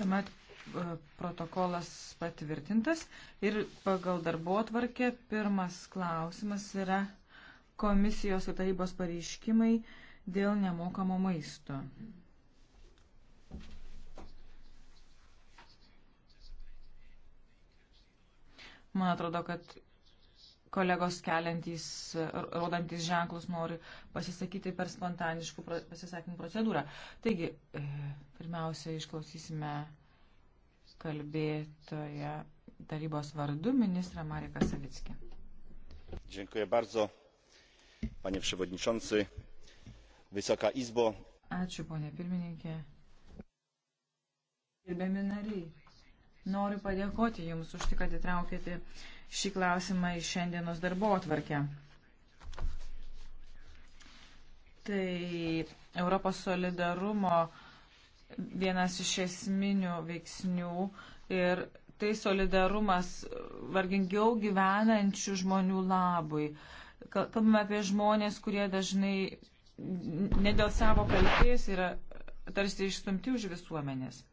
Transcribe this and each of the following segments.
Tuomet e, protokolas patvirtintas ir pagal darbo atvarkė pirmas klausimas yra komisijos ir tarybos pareiškimai dėl nemokamo maisto. Man atrodo, kad kolegos keliantys, rodantis ženklus nori pasisakyti per spontaniškų pasisakymų procedūrą. Taigi, e, pirmiausia, išklausysime kalbėtoje tarybos vardu ministrą Mariką Savickį. Dziękuję bardzo, panie przewodniczący, Wysoka Izbo. Ačiū, ponė pirmininkė. Gerbiami nariai, noriu padėkoti Jums už tai, kad įtraukėte uh, šį klausimą į šiandienos darbo atvarkę. Tai Europos solidarumo vienas iš esminių veiksnių ir tai solidarumas vargingiau gyvenančių žmonių labui. Kalbame apie žmonės, kurie dažnai ne dėl savo kalties yra tarsi išstumti už visuomenės.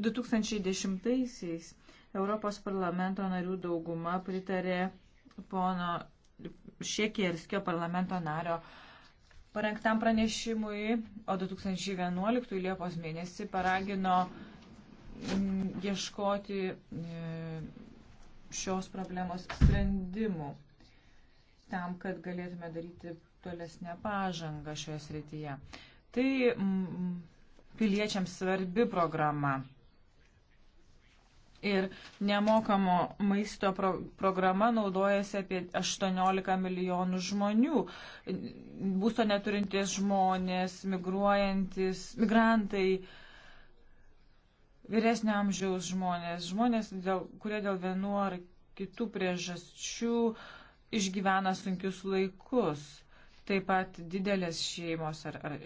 2010-aisiais Europos parlamento narių dauguma pritarė pono Šiekierskio parlamento nario parengtam pranešimui, o 2011 Liepos mėnesį paragino mm, ieškoti mm, šios problemos sprendimų tam, kad galėtume daryti tolesnę pažangą šioje srityje. Tai mm, piliečiams svarbi programa ir nemokamo maisto pro programa naudojasi apie 18 milijonų žmonių. Būsto neturintys žmonės, migruojantis, migrantai, vyresnio amžiaus žmonės, žmonės, dėl, kurie dėl vienu ar kitų priežasčių išgyvena sunkius laikus. Taip pat didelės šeimos ar, ar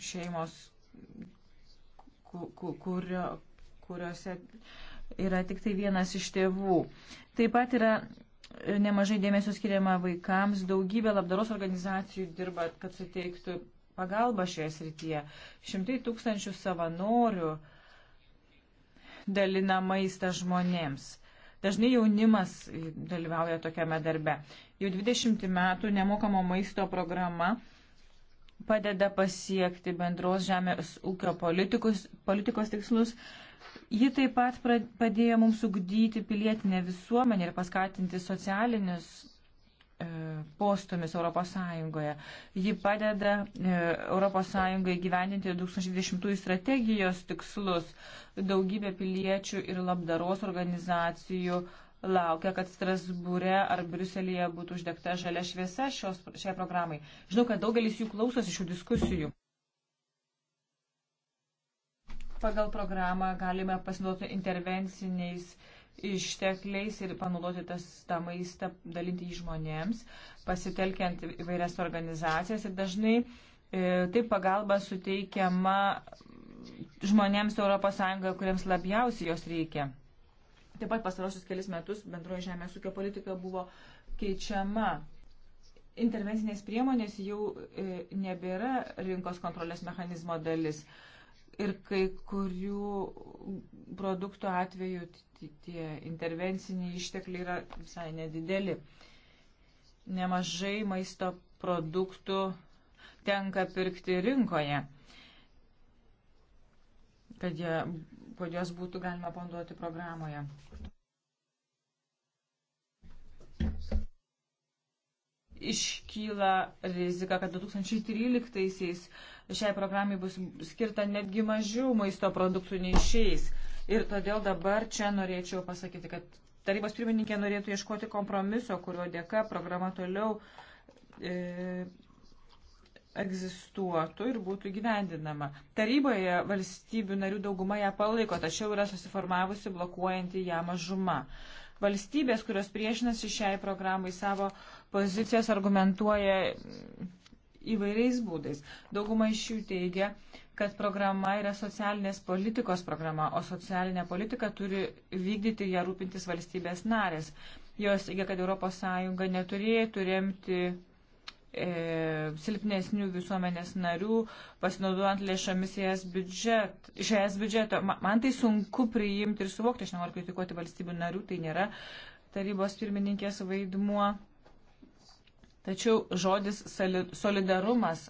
šeimos, kurio, kuriuose yra tik tai vienas iš tėvų. Taip pat yra e, nemažai dėmesio skiriama vaikams, daugybė labdaros organizacijų dirba, kad suteiktų pagalbą šioje srityje. Šimtai tūkstančių savanorių dalina maistą žmonėms. Dažnai jaunimas dalyvauja tokiame darbe. Jau 20 metų nemokamo maisto programa padeda pasiekti bendros žemės ūkio politikus, politikos tikslus, Ji taip pat padėjo mums ugdyti pilietinę visuomenę ir paskatinti socialinius e, postumis Europos Sąjungoje. Ji padeda e, Europos Sąjungai gyveninti 2020 strategijos tikslus. Daugybė piliečių ir labdaros organizacijų laukia, kad Strasbūre ar Briuselėje būtų uždegta žalia šviesa šios, šiai programai. Žinau, kad daugelis jų klausosi šių diskusijų pagal programą galime pasinaudoti intervenciniais ištekliais ir panaudoti tas, tą maistą, dalinti jį žmonėms, pasitelkiant įvairias organizacijas. Ir dažnai e, taip pagalba suteikiama žmonėms ES, kuriems labiausiai jos reikia. Taip pat pastarosius kelis metus bendroji žemės ūkio politika buvo keičiama intervencinės priemonės jau e, nebėra rinkos kontrolės mechanizmo dalis ir kai kurių produktų atveju tie intervenciniai ištekliai yra visai nedideli. Nemažai maisto produktų tenka pirkti rinkoje, kad, jie, kad jos būtų galima panduoti programoje. Iškyla rizika, kad 2013-aisiais šiai programai bus skirta netgi mažiau maisto produktų nei šiais. Ir todėl dabar čia norėčiau pasakyti, kad tarybos pirmininkė norėtų ieškoti kompromiso, kurio dėka programa toliau e, egzistuotų ir būtų gyvendinama. Taryboje valstybių narių dauguma ją palaiko, tačiau yra susiformavusi blokuojanti ją mažuma. Valstybės, kurios priešinasi šiai programai savo pozicijas argumentuoja įvairiais būdais. Dauguma iš jų teigia, kad programa yra socialinės politikos programa, o socialinė politika turi vykdyti ją rūpintis valstybės narės. Jos teigia, kad ES neturėtų remti e, silpnesnių visuomenės narių, pasinaudojant lėšomis iš biudžet, es biudžeto. Man tai sunku priimti ir suvokti, aš nenoriu kritikuoti valstybių narių, tai nėra tarybos pirmininkės vaidmuo. Tačiau žodis solidarumas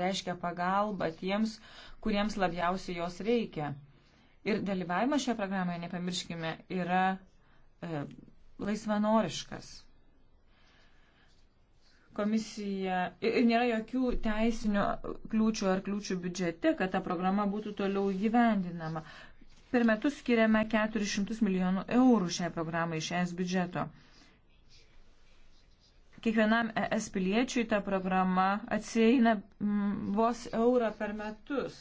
reiškia pagalbą tiems, kuriems labiausiai jos reikia. Ir dalyvavimas šioje programoje, nepamirškime, yra e, laisvanoriškas. Komisija ir nėra jokių teisinių kliūčių ar kliūčių biudžete, kad ta programa būtų toliau gyvendinama. Per metus skiriame 400 milijonų eurų šiai programai iš es biudžeto kiekvienam ES piliečiui ta programa atsieina mm, vos eurą per metus.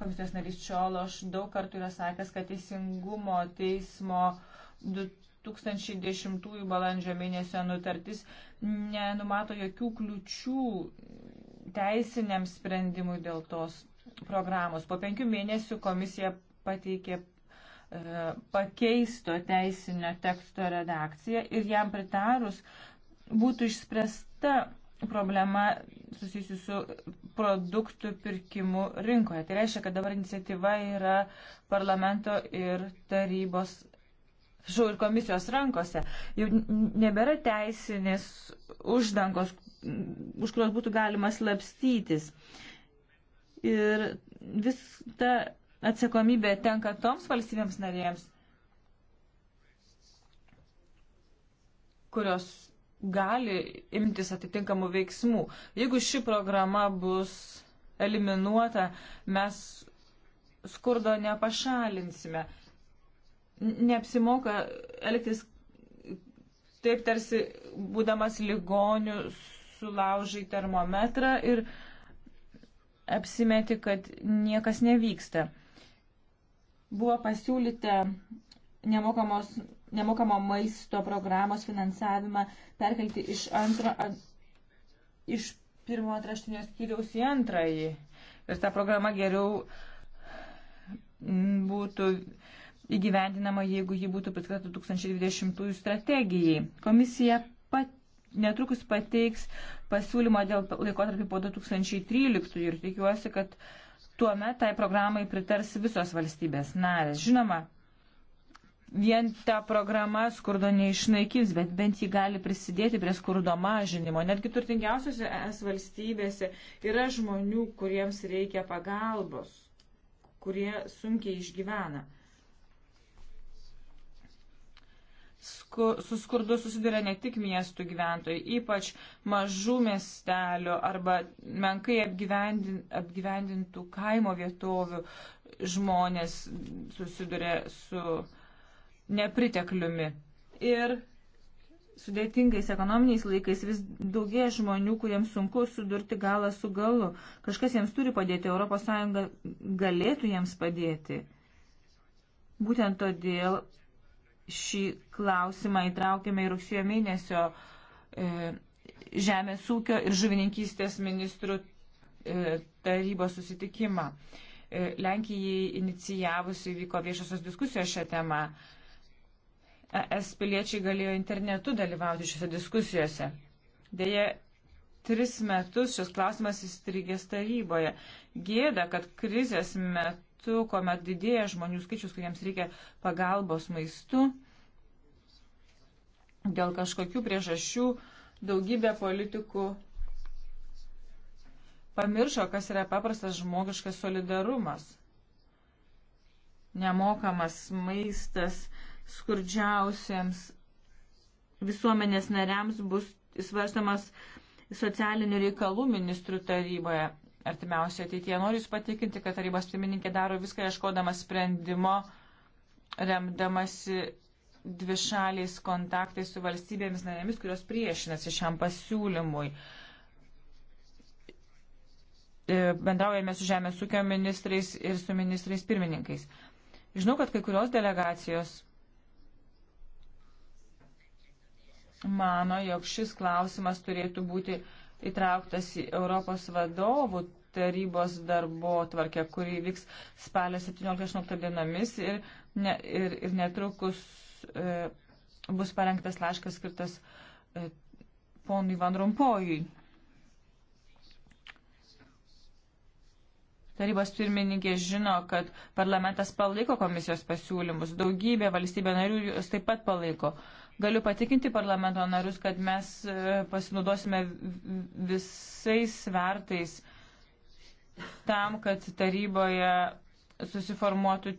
Komisijos narys Čiološ daug kartų yra sakęs, kad teisingumo teismo 2010 balandžio mėnesio nutartis nenumato jokių kliučių teisiniam sprendimui dėl tos programos. Po penkių mėnesių komisija pateikė e, pakeisto teisinio teksto redakciją ir jam pritarus būtų išspręsta problema susijusi su produktų pirkimu rinkoje. Tai reiškia, kad dabar iniciatyva yra parlamento ir tarybos, žau, ir komisijos rankose. Jau nebėra teisinės uždangos, už kurios būtų galima slapstytis. Ir vis ta atsakomybė tenka toms valstybėms narėms, kurios gali imtis atitinkamų veiksmų. Jeigu ši programa bus eliminuota, mes skurdo nepašalinsime. Neapsimoka elgtis taip tarsi būdamas ligonių sulaužai termometrą ir apsimeti, kad niekas nevyksta. Buvo pasiūlyta nemokamos nemokamo maisto programos finansavimą perkelti iš, antro, iš pirmo atraštinio skyriaus į antrąjį. Ir ta programa geriau mm, būtų įgyvendinama, jeigu ji būtų priskirta 2020 strategijai. Komisija pat, netrukus pateiks pasiūlymą dėl laikotarpį po 2013 ir tikiuosi, kad tuo metu tai programai pritars visos valstybės narės. Žinoma, vien ta programa skurdo neišnaikins, bet bent jį gali prisidėti prie skurdo mažinimo. Netgi turtingiausiose es valstybėse yra žmonių, kuriems reikia pagalbos, kurie sunkiai išgyvena. Sku, su skurdu susiduria ne tik miestų gyventojai, ypač mažų miestelių arba menkai apgyvendin, apgyvendintų kaimo vietovių žmonės susiduria su uh, nepritekliumi. Ir sudėtingais ekonominiais laikais vis daugėja žmonių, kuriems sunku sudurti galą su galu. Kažkas jiems turi padėti, ES galėtų jiems padėti. Būtent todėl šį klausimą įtraukėme į rugsėjo mėnesio e, Žemės ūkio ir žuvininkystės ministrų e, tarybos susitikimą. E, Lenkijai inicijavusi vyko viešosios diskusijos šią temą. E, ES piliečiai galėjo internetu dalyvauti šiuose diskusijose. Deja, tris metus šis klausimas įstrigęs taryboje. Gėda, kad krizės metu, kuomet didėja žmonių skaičius, kuriems reikia pagalbos maistu, dėl kažkokių priežasčių daugybė politikų pamiršo, kas yra paprastas žmogiškas solidarumas. Nemokamas maistas skurdžiausiems visuomenės nariams bus svarstamas socialinių reikalų ministrų taryboje artimiausioje ateityje. Noriu Jūs patikinti, kad tarybos pirmininkė daro viską ieškodama sprendimo, remdamasi dvišaliais kontaktais su valstybėmis narėmis, kurios priešinasi šiam pasiūlymui. E, bendraujame su žemės ūkio ministrais ir su ministrais pirmininkais. Žinau, kad kai kurios delegacijos mano, jog šis klausimas turėtų būti įtrauktas į Europos vadovų tarybos darbo tvarkę, kuri vyks spalio 17-18 dienomis ir, ne, ir, ir netrukus e, bus parengtas laiškas skirtas e, ponui Van Rompojui. Tarybos pirmininkė žino, kad parlamentas palaiko komisijos pasiūlymus, daugybė valstybė narių jūs taip pat palaiko. E, Galiu patikinti parlamento narius, kad mes e, pasinaudosime visais svertais tam, kad taryboje susiformuotų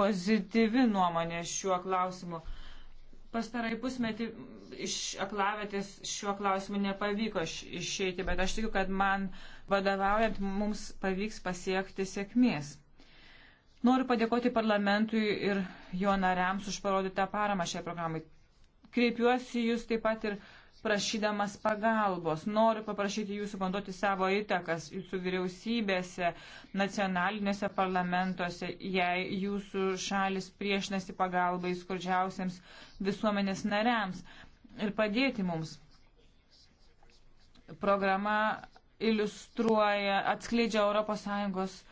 pozityvi nuomonė šiuo klausimu. Pastarai pusmetį iš aklavėtės šiuo klausimu nepavyko išeiti, bet aš tikiu, kad man vadovaujant mums pavyks pasiekti sėkmės. Noriu padėkoti parlamentui ir jo nariams už parodytą paramą šiai programai. Kreipiuosi jūs taip pat ir prašydamas pagalbos. Noriu paprašyti jūsų panduoti savo įtakas jūsų vyriausybėse, nacionaliniuose parlamentuose, jei jūsų šalis priešinasi pagalbai skurdžiausiams visuomenės nariams ir padėti mums. Programa iliustruoja, atskleidžia ES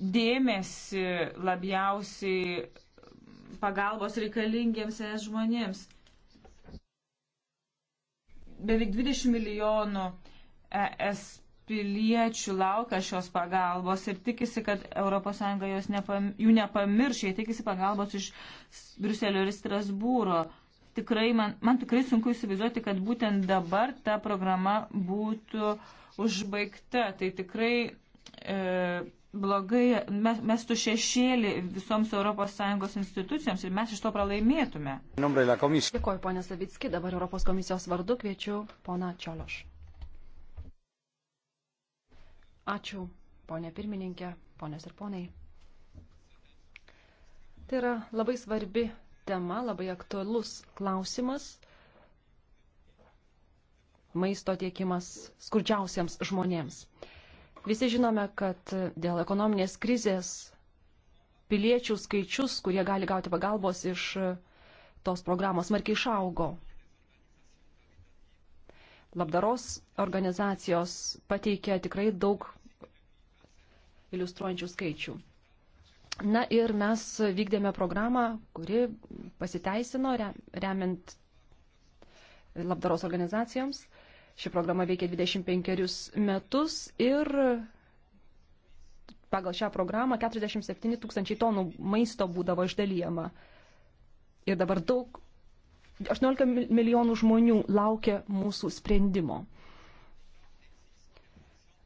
dėmesį labiausiai pagalbos reikalingiems es žmonėms. Beveik 20 milijonų es piliečių laukia šios pagalbos ir tikisi, kad ES jos nepam, jų nepamirš, jie tikisi pagalbos iš Briuselio ir Strasbūro. Tikrai man, man tikrai sunku įsivaizduoti, kad būtent dabar ta programa būtų užbaigta. Tai tikrai e, blogai mes, mestų šešėlį visoms ES institucijoms ir mes iš to pralaimėtume. Dėkuoju, ponė Savitski, dabar Europos komisijos vardu kviečiu poną Čiološ. Ačiū, ponė pirmininkė, ponės ir ponai. Tai yra labai svarbi tema, labai aktualus klausimas. Maisto tiekimas skurdžiausiems žmonėms. Visi žinome, kad dėl ekonominės krizės piliečių skaičius, kurie gali gauti pagalbos iš tos programos, markiai išaugo. Labdaros organizacijos pateikė tikrai daug iliustruojančių skaičių. Na ir mes vykdėme programą, kuri pasiteisino remiant labdaros organizacijoms. Ši programa veikia 25 metus ir pagal šią programą 47 tūkstančiai tonų maisto būdavo išdalyjama. Ir dabar daug, 18 milijonų žmonių laukia mūsų sprendimo.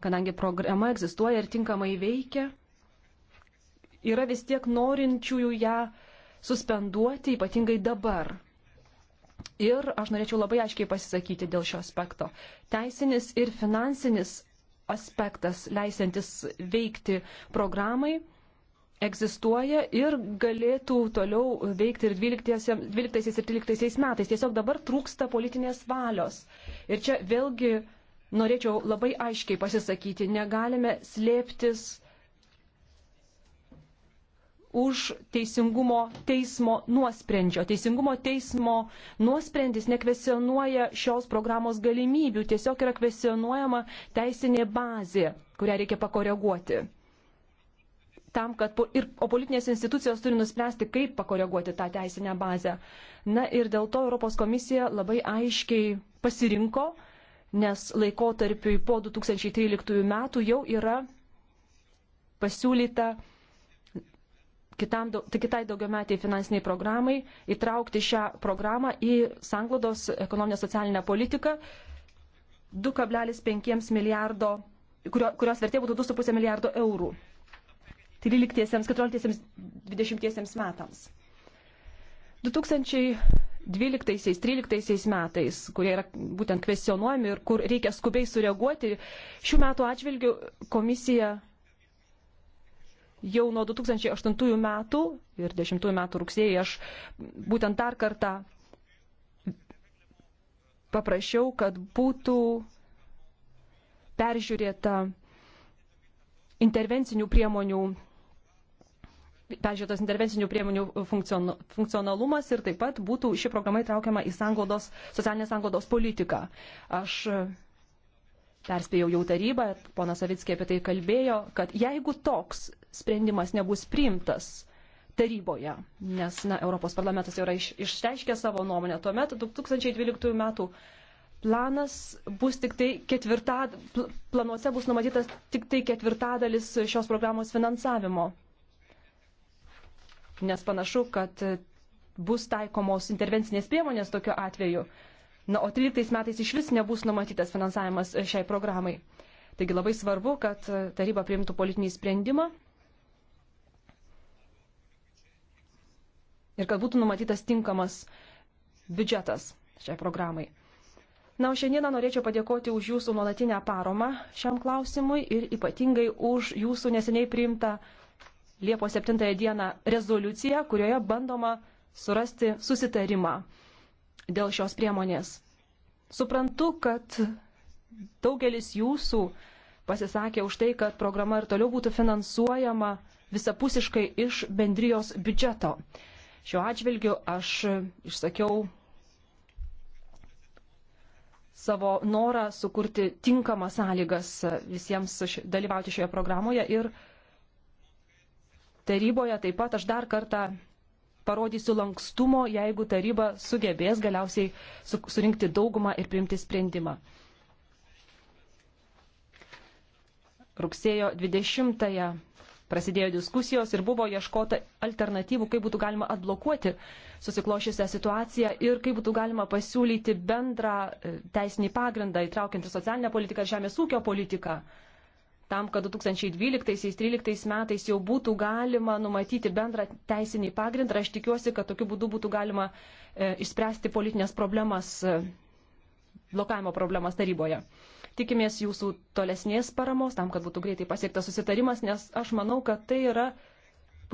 Kadangi programa egzistuoja ir tinkamai veikia, yra vis tiek norinčiųjų ją suspenduoti, ypatingai dabar, Ir aš norėčiau labai aiškiai pasisakyti dėl šio aspekto. Teisinis ir finansinis aspektas, leisiantis veikti programai, egzistuoja ir galėtų toliau veikti ir 12, 12 ir 13 metais. Tiesiog dabar trūksta politinės valios. Ir čia vėlgi norėčiau labai aiškiai pasisakyti, negalime slėptis už teisingumo teismo nuosprendžio. Teisingumo teismo nuosprendis nekvesionuoja šios programos galimybių, tiesiog yra kvesionuojama teisinė bazė, kurią reikia pakoreguoti. Tam, kad po, ir, o politinės institucijos turi nuspręsti, kaip pakoreguoti tą teisinę bazę. Na ir dėl to Europos komisija labai aiškiai pasirinko, nes laikotarpiui po 2013 metų jau yra pasiūlyta kitam, tai kitai daugiametiai finansiniai programai, įtraukti šią programą į sanglodos ekonominę socialinę politiką 2,5 milijardo, kurio, kurios vertė būtų 2,5 milijardo eurų 13-14-20 metams. 2012-2013 metais, kurie yra būtent kvesionuojami ir kur reikia skubiai sureaguoti, šių metų atžvilgių komisija Jau nuo 2008 metų ir 10 metų rugsėjai aš būtent dar kartą paprašiau, kad būtų peržiūrėta intervencinių priemonių peržiūrėtas intervencinių priemonių funkcionalumas ir taip pat būtų ši programa įtraukiama į sanglaudos, socialinės sanglaudos politiką. Aš perspėjau jau tarybą, ponas Savickė apie tai kalbėjo, kad jeigu toks sprendimas nebus priimtas taryboje, nes na, Europos parlamentas jau yra iš, išteiškę savo nuomonę. Tuomet 2012 metų planas bus tik tai ketvirtad, planuose bus numatytas tik tai ketvirtadalis šios programos finansavimo. Nes panašu, kad bus taikomos intervencinės priemonės tokiu atveju. Na, o 13 metais iš vis nebus numatytas finansavimas šiai programai. Taigi labai svarbu, kad taryba priimtų politinį sprendimą ir kad būtų numatytas tinkamas biudžetas šiai programai. Na, o šiandieną norėčiau padėkoti už jūsų nuolatinę paromą šiam klausimui ir ypatingai už jūsų neseniai priimtą Liepos 7 dieną rezoliuciją, kurioje bandoma surasti susitarimą dėl šios priemonės. Suprantu, kad daugelis jūsų pasisakė už tai, kad programa ir toliau būtų finansuojama visapusiškai iš bendrijos biudžeto. Šiuo atžvilgiu aš išsakiau savo norą sukurti tinkamas sąlygas visiems dalyvauti šioje programoje ir taryboje taip pat aš dar kartą parodysiu lankstumo, jeigu taryba sugebės galiausiai surinkti daugumą ir priimti sprendimą. Rugsėjo 20 prasidėjo diskusijos ir buvo ieškota alternatyvų, kaip būtų galima atblokuoti susiklošysią situaciją ir kaip būtų galima pasiūlyti bendrą e, teisinį pagrindą, įtraukiant ir socialinę politiką, ir žemės ūkio politiką, tam, kad 2012-2013 metais jau būtų galima numatyti bendrą teisinį pagrindą. Aš tikiuosi, kad tokiu būdu būtų galima e, išspręsti politinės problemas, e, blokavimo problemas taryboje. Tikimės jūsų tolesnės paramos tam, kad būtų greitai pasiektas susitarimas, nes aš manau, kad tai yra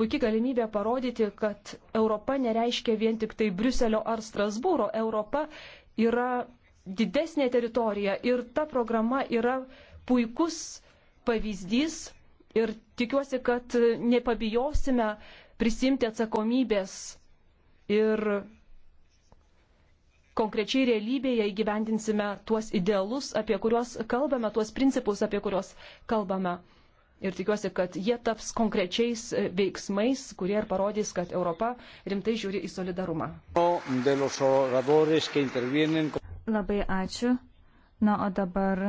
puikia galimybė parodyti, kad Europa nereiškia vien tik tai Briuselio ar Strasbūro. Europa yra didesnė teritorija ir ta programa yra puikus pavyzdys ir tikiuosi, kad nepabijosime prisimti atsakomybės ir konkrečiai realybėje įgyvendinsime tuos idealus, apie kuriuos kalbame, tuos principus, apie kuriuos kalbame. Ir tikiuosi, kad jie taps konkrečiais veiksmais, kurie ir parodys, kad Europa rimtai žiūri į solidarumą. Labai ačiū. Na, o dabar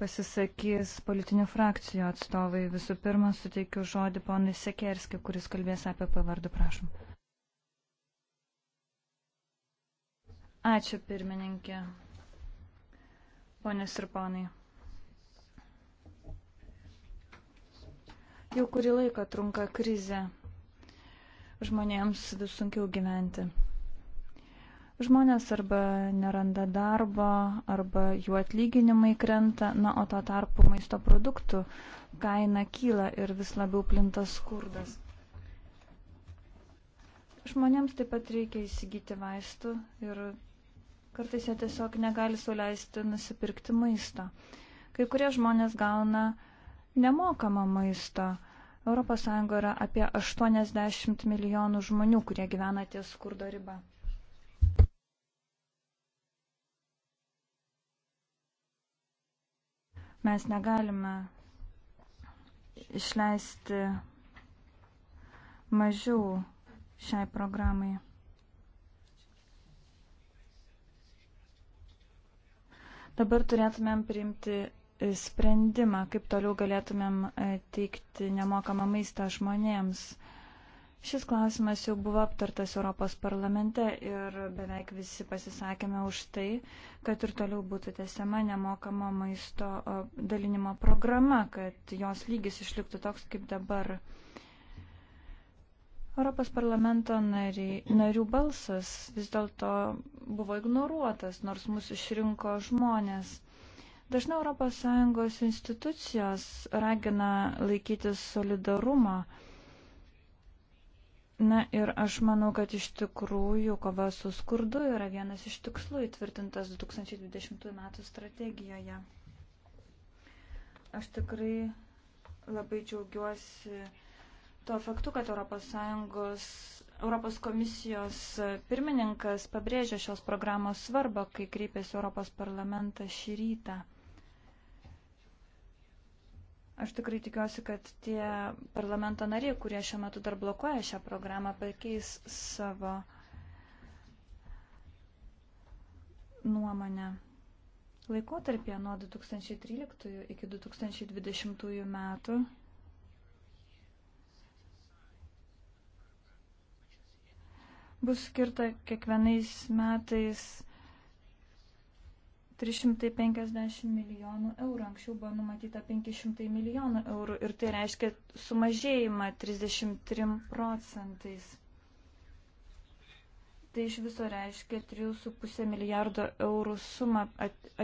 pasisakys politinių frakcijų atstovai. Visų pirma, suteikiu žodį ponui Sekerski, kuris kalbės apie pavardų, prašom. Ačiū pirmininkė. Ponės ir ponai. Jau kurį laiką trunka krizė. Žmonėms vis sunkiau gyventi. Žmonės arba neranda darbo, arba jų atlyginimai krenta, na, o to tarpu maisto produktų kaina kyla ir vis labiau plinta skurdas. Žmonėms taip pat reikia įsigyti vaistų ir Kartais jie tiesiog negali suleisti nusipirkti maisto. Kai kurie žmonės gauna nemokamą maistą. ES yra apie 80 milijonų žmonių, kurie gyvena ties skurdo riba. Mes negalime išleisti mažiau šiai programai. Dabar turėtumėm priimti e, sprendimą, kaip toliau galėtumėm e, teikti nemokamą maistą žmonėms. Šis klausimas jau buvo aptartas Europos parlamente ir beveik visi pasisakėme už tai, kad ir toliau būtų tęsiama nemokama maisto dalinimo programa, kad jos lygis išliktų toks kaip dabar. Europos parlamento nariai, narių balsas vis dėlto buvo ignoruotas, nors mūsų išrinko žmonės. Dažnai ES institucijos ragina laikytis solidarumo. Na ir aš manau, kad iš tikrųjų kova su skurdu yra vienas iš tikslų įtvirtintas 2020 m. strategijoje. Aš tikrai labai džiaugiuosi tuo faktu, kad ES, Europos komisijos pirmininkas pabrėžė šios programos svarbą, kai kreipėsi Europos parlamentą šį rytą. Aš tikrai tikiuosi, kad tie parlamento nariai, kurie šiuo metu dar blokuoja šią programą, pakeis savo nuomonę. Laikotarpėje nuo 2013 iki 2020 metų bus skirta kiekvienais metais 350 milijonų eurų. Anksčiau buvo numatyta 500 milijonų eurų ir tai reiškia sumažėjimą 33 procentais. Tai iš viso reiškia 3,5 milijardo eurų sumą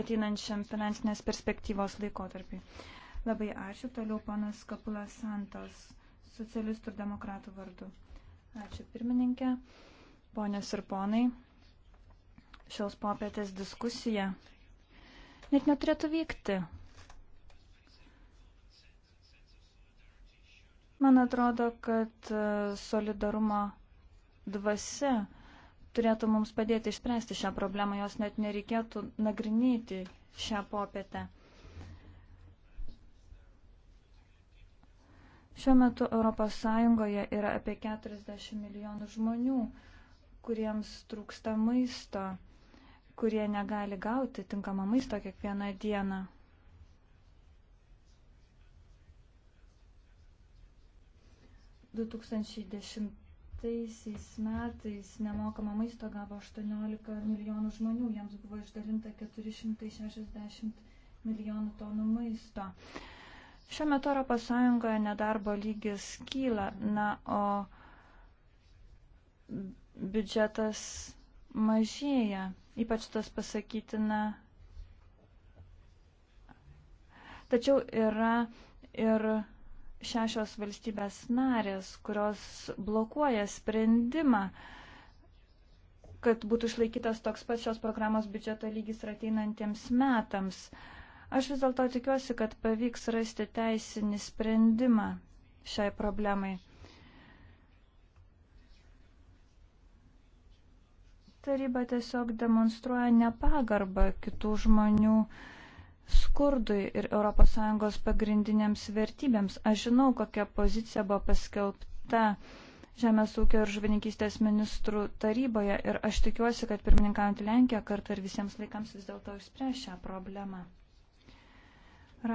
ateinančiam finansinės perspektyvos laikotarpiai. Labai ačiū. Toliau panas Kapulas Santos, socialistų ir demokratų vardu. Ačiū pirmininkė. Ponės ir ponai, šios popietės diskusija net neturėtų vykti. Man atrodo, kad e, solidarumo dvasia turėtų mums padėti išspręsti šią problemą, jos net nereikėtų nagrinėti šią popietę. Šiuo metu ES yra apie 40 milijonų žmonių, kuriems trūksta maisto, kurie negali gauti tinkamą maisto kiekvieną dieną. Du tūkstančiai dešimtaisiais metais nemokamą maisto gavo 18 milijonų žmonių, jiems buvo išdalinta 460 milijonų tonų maisto. Šiuo metu ES nedarbo lygis kyla, na, o biudžetas mažėja. Ypač tas pasakytina. Tačiau yra ir šešios valstybės narės, kurios blokuoja sprendimą, kad būtų išlaikytas toks pats šios programos biudžeto lygis ateinantiems metams. Aš vis dėlto tikiuosi, kad pavyks rasti teisinį sprendimą šiai problemai. Taryba tiesiog demonstruoja nepagarbą kitų žmonių skurdui ir ES pagrindiniams vertybėms. Aš žinau, kokia pozicija buvo paskelbta Žemės ūkio ir žuvininkystės ministrų taryboje ir aš tikiuosi, kad pirmininkaujant Lenkiją kartą ir visiems laikams vis dėlto išspręs šią problemą.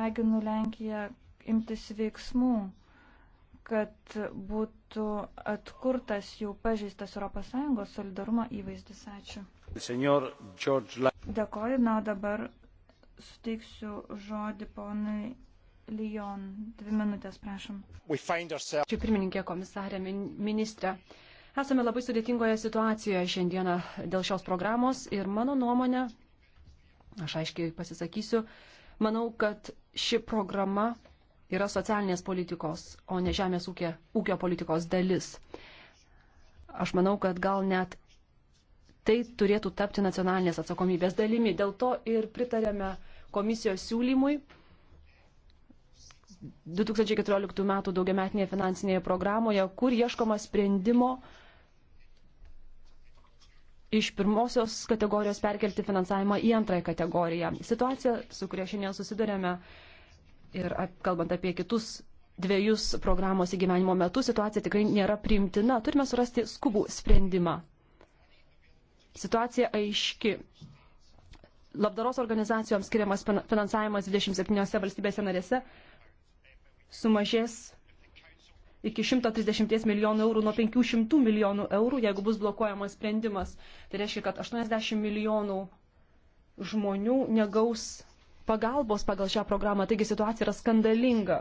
Raginu Lenkiją imtis veiksmų kad būtų atkurtas jau pažeistas ES solidarumo įvaizdis. Ačiū. Dėkoju, na dabar suteiksiu žodį ponui Lijon. Dvi minutės, prašom. Čia pirmininkė komisarė, ministrė. Esame labai sudėtingoje situacijoje šiandieną dėl šios programos ir mano nuomonė, aš aiškiai pasisakysiu, manau, kad ši programa yra socialinės politikos, o ne žemės ūkio, ūkio politikos dalis. Aš manau, kad gal net tai turėtų tapti nacionalinės atsakomybės dalimi. Dėl to ir pritarėme komisijos siūlymui 2014 m. daugiametinėje finansinėje programoje, kur ieškoma sprendimo iš pirmosios kategorijos perkelti finansavimą į antrąją kategoriją. Situacija, su kuria šiandien susidurėme, ir kalbant apie kitus dviejus programos įgyvenimo metu situacija tikrai nėra priimtina. Turime surasti skubų sprendimą. Situacija aiški. Labdaros organizacijoms skiriamas finansavimas 27 valstybėse narėse sumažės iki 130 milijonų eurų nuo 500 milijonų eurų, jeigu bus blokuojamas sprendimas. Tai reiškia, kad 80 milijonų žmonių negaus pagalbos pagal šią programą, taigi situacija yra skandalinga.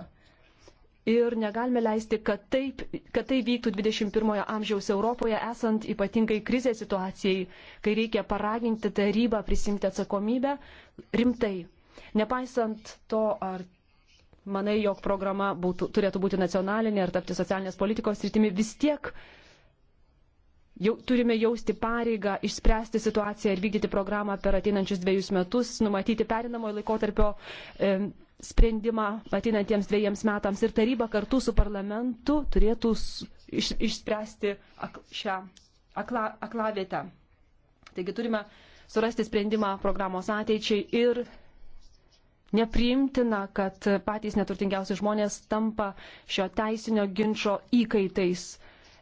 Ir negalime leisti, kad, taip, kad tai vyktų 21 amžiaus Europoje, esant ypatingai krizės situacijai, kai reikia paraginti tarybą prisimti atsakomybę rimtai. Nepaisant to, ar manai, jog programa būtų, turėtų būti nacionalinė ar tapti socialinės politikos rytimi, vis tiek uh, jau, turime jausti pareigą išspręsti situaciją ir vykdyti programą per ateinančius dviejus metus, numatyti perinamojo laikotarpio e, sprendimą ateinantiems dviejiems metams ir taryba kartu su parlamentu turėtų iš, išspręsti ak, šią akla, aklavietę. Taigi turime surasti sprendimą programos ateičiai ir nepriimtina, kad patys neturtingiausi žmonės tampa šio teisinio ginčio įkaitais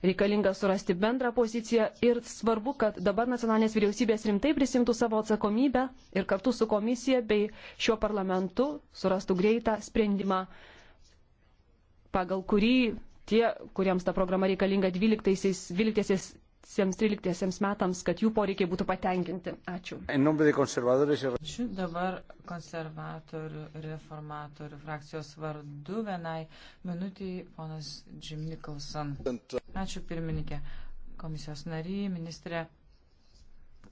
reikalinga surasti bendrą poziciją ir svarbu, kad dabar nacionalinės vyriausybės rimtai prisimtų savo atsakomybę ir kartu su komisija bei šiuo parlamentu surastų greitą sprendimą, pagal kurį tie, kuriems ta programa reikalinga 12, 12 2013 metams, kad jų poreikiai būtų patenkinti. Ačiū. Ačiū dabar konservatorių reformatorių frakcijos vardu vienai minutiai ponas Jim Nicholson. Ačiū pirmininkė, komisijos nary, ministrė.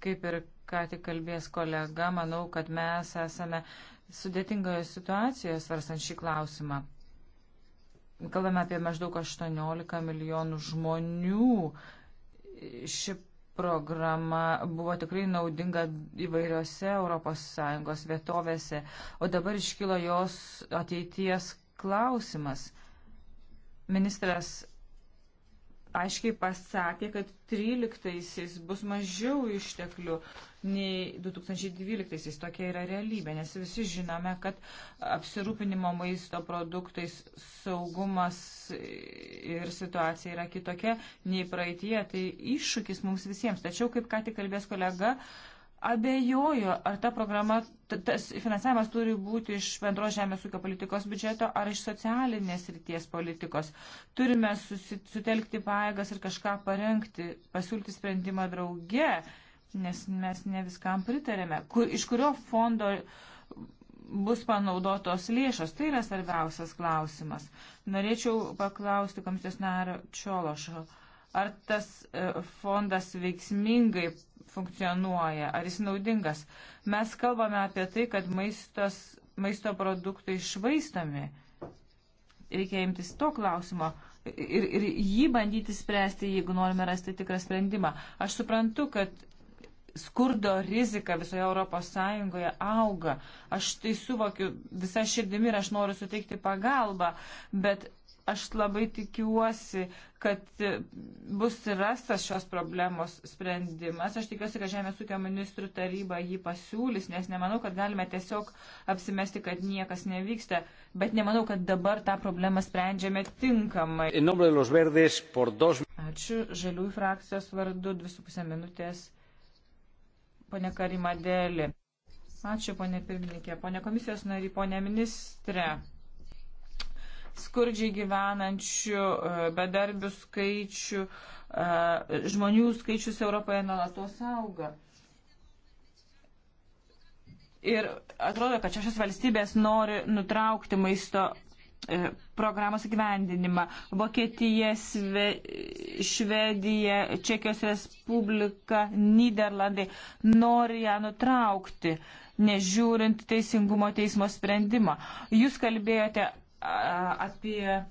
Kaip ir ką tik kalbės kolega, manau, kad mes esame sudėtingoje situacijoje svarstant šį klausimą. Kalbame apie maždaug 18 milijonų žmonių ši programa buvo tikrai naudinga įvairiose ES vietovėse, o dabar iškilo jos ateities klausimas. Ministras aiškiai pasakė, kad 13-aisiais bus mažiau išteklių nei 2012-aisiais. Tokia yra realybė, nes visi žinome, kad apsirūpinimo maisto produktais saugumas ir situacija yra kitokia nei praeitie. Tai iššūkis mums visiems. Tačiau, kaip ką tik kalbės kolega, uh, abejoju, ar ta programa, tas finansavimas turi būti iš bendros žemės ūkio politikos biudžeto ar iš socialinės ryties politikos. Turime sutelkti paėgas ir kažką parengti, pasiūlyti sprendimą drauge, nes mes ne viskam pritarėme. Kur, iš kurio fondo bus panaudotos lėšos, tai yra svarbiausias klausimas. Norėčiau paklausti komisijos nario Čiološo. Uh, ar tas e, fondas veiksmingai funkcionuoja, ar jis naudingas. Mes kalbame apie tai, kad maistos, maisto produktai išvaistami. Reikia imtis to klausimo ir, ir jį bandyti spręsti, jeigu norime rasti tikrą sprendimą. Aš suprantu, kad skurdo rizika visoje Europos Sąjungoje auga. Aš tai suvokiu visą širdimi ir aš noriu suteikti pagalbą, bet Aš labai tikiuosi, kad bus rastas šios problemos sprendimas. Aš tikiuosi, kad Žemės ūkio ministrų taryba jį pasiūlys, nes nemanau, kad galime tiesiog apsimesti, kad niekas nevyksta, bet nemanau, kad dabar tą problemą sprendžiame tinkamai. Ačiū Žaliųjų frakcijos vardu, 2,5 minutės. Pone Karimadėlį. Ačiū, ponė pirmininkė, ponė komisijos nari, ponė ministrė skurdžiai gyvenančių, e, bedarbių skaičių, e, žmonių skaičius Europoje nuolatos auga. Ir atrodo, kad šešias valstybės nori nutraukti maisto e, programos gyvendinimą. Vokietija, Sve, Švedija, Čekijos Respublika, Niderlandai nori ją nutraukti, nežiūrint teisingumo teismo sprendimą. Jūs kalbėjote apie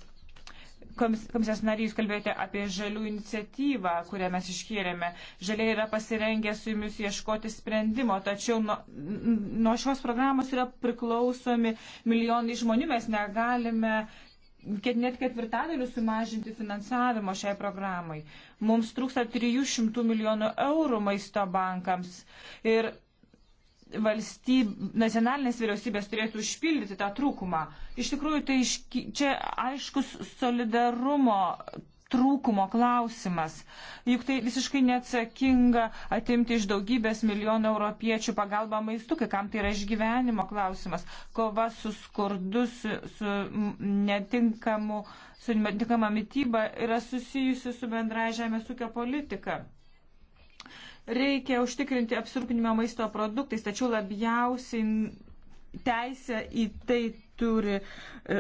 komisijos nariai, jūs kalbėjote apie žalių iniciatyvą, kurią mes iškėlėme. Žaliai yra pasirengę su jumis ieškoti sprendimo, tačiau nuo, nuo šios programos yra priklausomi milijonai žmonių. Mes negalime net ketvirtadaliu sumažinti finansavimo šiai programai. Mums trūksta 300 milijonų eurų maisto bankams. Ir valstyb, nacionalinės vyriausybės turėtų užpildyti tą trūkumą. Iš tikrųjų, tai iški, čia aiškus solidarumo trūkumo klausimas. Juk tai visiškai neatsakinga atimti iš daugybės milijonų europiečių pagalbą maistu, kai kam tai yra išgyvenimo klausimas. Kova su skurdu, su, su, netinkamu, su netinkama mytyba yra susijusi su bendra žemės ūkio politika. Reikia užtikrinti apsirūpinimą maisto produktais, tačiau labiausiai teisę į tai turi e,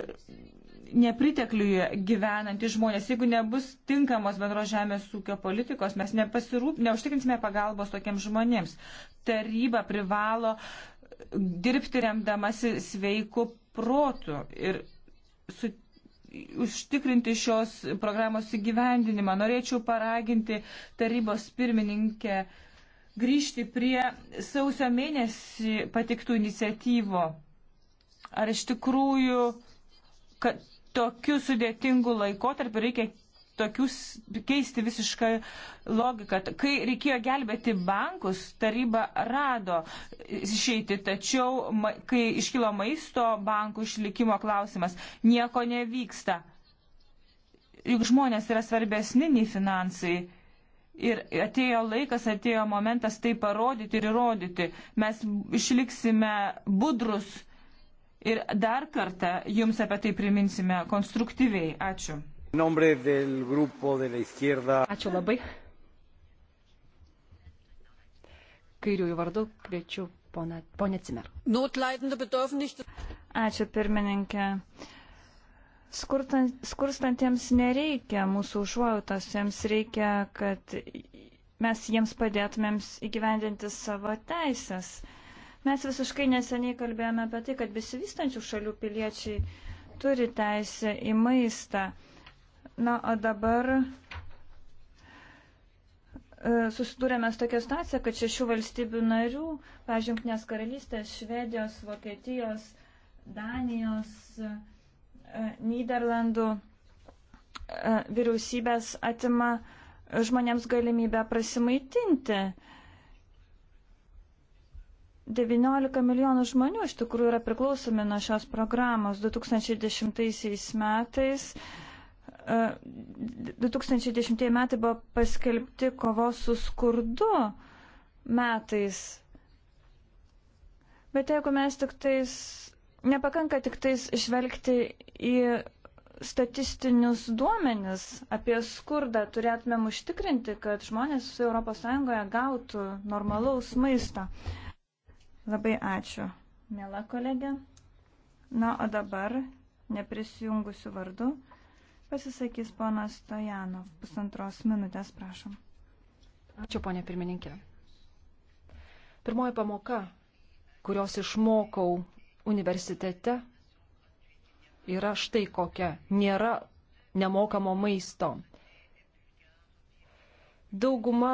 nepritekliuje gyvenantys žmonės. Jeigu nebus tinkamos bendros žemės ūkio politikos, mes nepasirūp, neužtikrinsime pagalbos tokiems žmonėms. Taryba privalo dirbti remdamasi sveiku protu ir su užtikrinti šios programos įgyvendinimą. Norėčiau paraginti tarybos pirmininkę grįžti prie sausio mėnesį patiktų iniciatyvų. Ar iš tikrųjų, kad tokiu sudėtingu laikotarpiu reikia tokius, keisti visišką logiką. Kai reikėjo gelbėti bankus, taryba rado išeiti, tačiau kai iškilo maisto bankų išlikimo klausimas, nieko nevyksta. Juk žmonės yra svarbesni nei finansai. Ir atėjo laikas, atėjo momentas tai parodyti ir įrodyti. Mes išliksime budrus ir dar kartą jums apie tai priminsime konstruktyviai. Ačiū. Ačiū labai. Kairiųjų vardu kviečiu ponę Cimer. Ačiū pirmininkė. Skurtant, skurstantiems nereikia mūsų užuojautos, jiems reikia, kad mes jiems padėtumėm įgyvendinti savo teisės. Mes visiškai neseniai kalbėjome apie tai, kad besivystančių šalių piliečiai turi teisę į maistą. Na, o dabar e, susidūrėme su tokia situacija, kad šešių valstybių narių, pavyzdžiui, Junktinės karalystės, Švedijos, Vokietijos, Danijos, e, Niderlandų e, vyriausybės atima žmonėms galimybę prasimaitinti. 19 milijonų žmonių iš tikrųjų yra priklausomi nuo šios programos. 2010 metais 2010 e, metai buvo paskelbti kovos su skurdu metais. Bet jeigu mes tik tais, nepakanka tik tais žvelgti į statistinius duomenis apie skurdą turėtumėm užtikrinti, kad žmonės ES gautų normalaus maisto. Labai ačiū, mėla kolegė. Na, o dabar neprisijungusiu vardu Pasisakys ponas Stojanov. Pusantros minutės, prašom. Ačiū, ponė pirmininkė. Pirmoji pamoka, kurios išmokau universitete, yra štai kokia. Nėra nemokamo maisto. Dauguma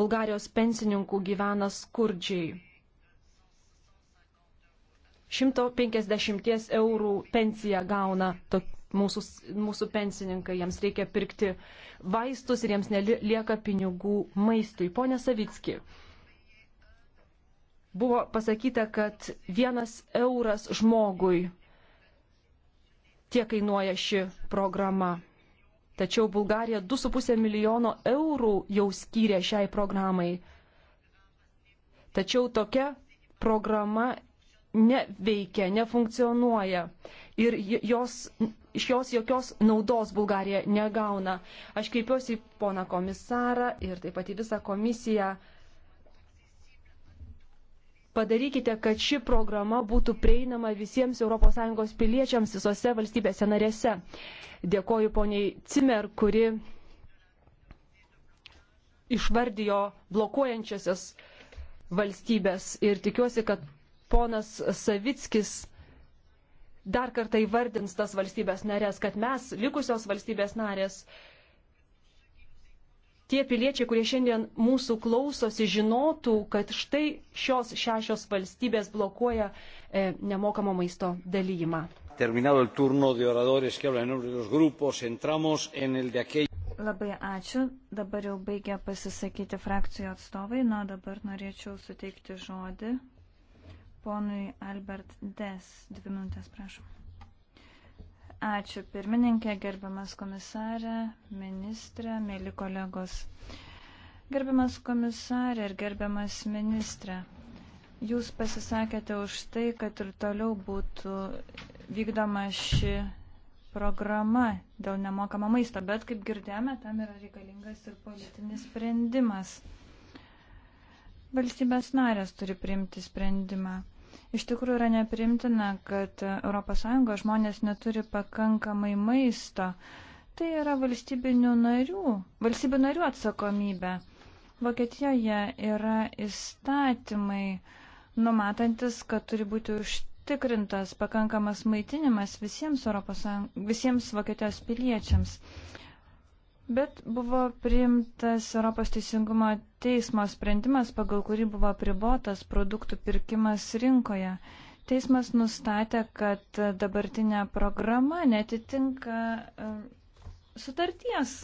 Bulgarijos pensininkų gyvena skurdžiai. 150 eurų pensiją gauna tokie mūsų, mūsų pensininkai, jiems reikia pirkti vaistus ir jiems nelieka pinigų maistui. Pone Savicki, buvo pasakyta, kad vienas euras žmogui tiek kainuoja ši programa. Tačiau Bulgarija 2,5 milijono eurų jau skyrė šiai programai. Tačiau tokia programa neveikia, nefunkcionuoja ir jos iš jos jokios naudos Bulgarija negauna. Aš kreipiuosi į poną komisarą ir taip pat į visą komisiją. Padarykite, kad ši programa būtų prieinama visiems ES piliečiams visose valstybėse narėse. Dėkoju poniai Cimer, kuri išvardijo blokuojančiasias valstybės ir tikiuosi, kad ponas Savickis dar kartą įvardins tas valstybės narės, kad mes, likusios valstybės narės, tie piliečiai, kurie šiandien mūsų klausosi, žinotų, kad štai šios šešios valstybės blokuoja e, nemokamo maisto dalyjimą. Labai ačiū. Dabar jau baigia pasisakyti frakcijų atstovai. Na, dabar norėčiau suteikti žodį ponui Albert Des. Dvi minutės, prašom. Ačiū pirmininkė, gerbiamas komisarė, ministrė, mėly kolegos. Gerbiamas komisarė ir gerbiamas ministrė, jūs pasisakėte už tai, kad ir toliau būtų vykdoma ši programa dėl nemokamo maisto, bet kaip girdėjome, tam yra reikalingas ir politinis sprendimas. Valstybės narės turi priimti sprendimą. Iš tikrųjų yra neprimtina, kad ES žmonės neturi pakankamai maisto. Tai yra valstybinių narių, valstybių narių atsakomybė. Vokietijoje yra įstatymai numatantis, kad turi būti užtikrintas pakankamas maitinimas visiems, Europos, visiems Vokietijos piliečiams. Bet buvo priimtas Europos teisingumo teismo sprendimas, pagal kurį buvo pribotas produktų pirkimas rinkoje. Teismas nustatė, kad dabartinė programa netitinka e, sutarties.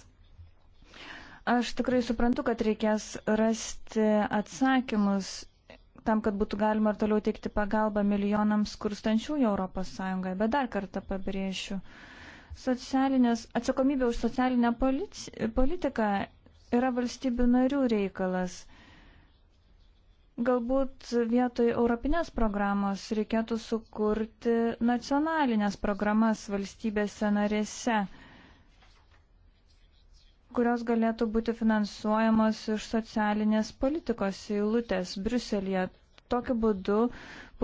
Aš tikrai suprantu, kad reikės rasti atsakymus tam, kad būtų galima ir toliau teikti pagalbą milijonams skurstančiųjų Europos Sąjungoje, bet dar kartą pabrėšiu, Socialinės, atsakomybė už socialinę politiką yra valstybių narių reikalas. Galbūt vietoj europinės programos reikėtų sukurti nacionalinės programas valstybėse narėse, kurios galėtų būti finansuojamos iš socialinės politikos eilutės Briuselėje. Tokiu būdu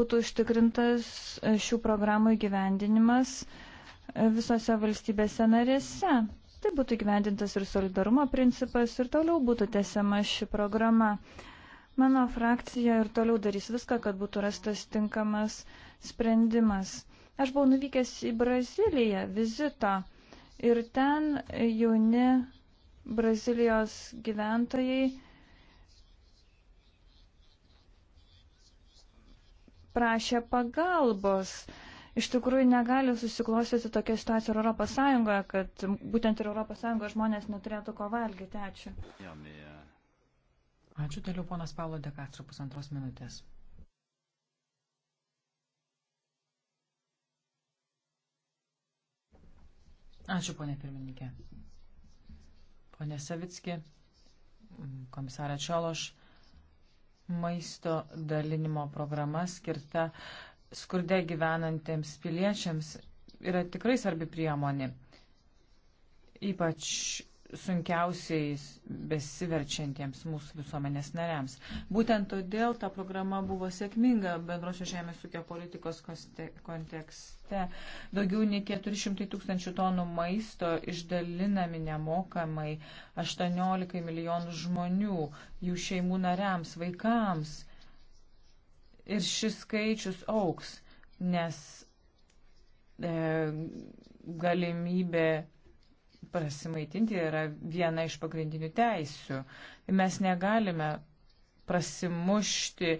būtų užtikrintas šių programų įgyvendinimas visose valstybėse narėse. Tai būtų gyvendintas ir solidarumo principas ir toliau būtų tęsiama ši programa. Mano frakcija ir toliau darys viską, kad būtų rastas tinkamas sprendimas. Aš buvau nuvykęs į Braziliją vizito ir ten jauni Brazilijos gyventojai prašė pagalbos Iš tikrųjų negali susiklostyti tokia situacija ir Europos Sąjungoje, kad būtent ir Europos Sąjungoje žmonės neturėtų ko valgyti. Ačiū. Eh, Ačiū toliau ponas Paulo Dekastro pusantros minutės. Ačiū, ponė pirmininkė. Pone Savitski, komisarė Čiološ, maisto dalinimo programa skirta uh, skurde gyvenantiems piliečiams yra tikrai svarbi priemonė, ypač sunkiausiai besiverčiantiems mūsų visuomenės nariams. Būtent todėl ta programa buvo sėkminga bendrosios žemės ūkio politikos kontekste. Daugiau nei 400 tūkstančių tonų maisto išdalinami nemokamai 18 milijonų žmonių, jų šeimų nariams, vaikams ir šis skaičius auks, nes e, galimybė prasimaitinti yra viena iš pagrindinių teisių. Mes negalime prasimušti,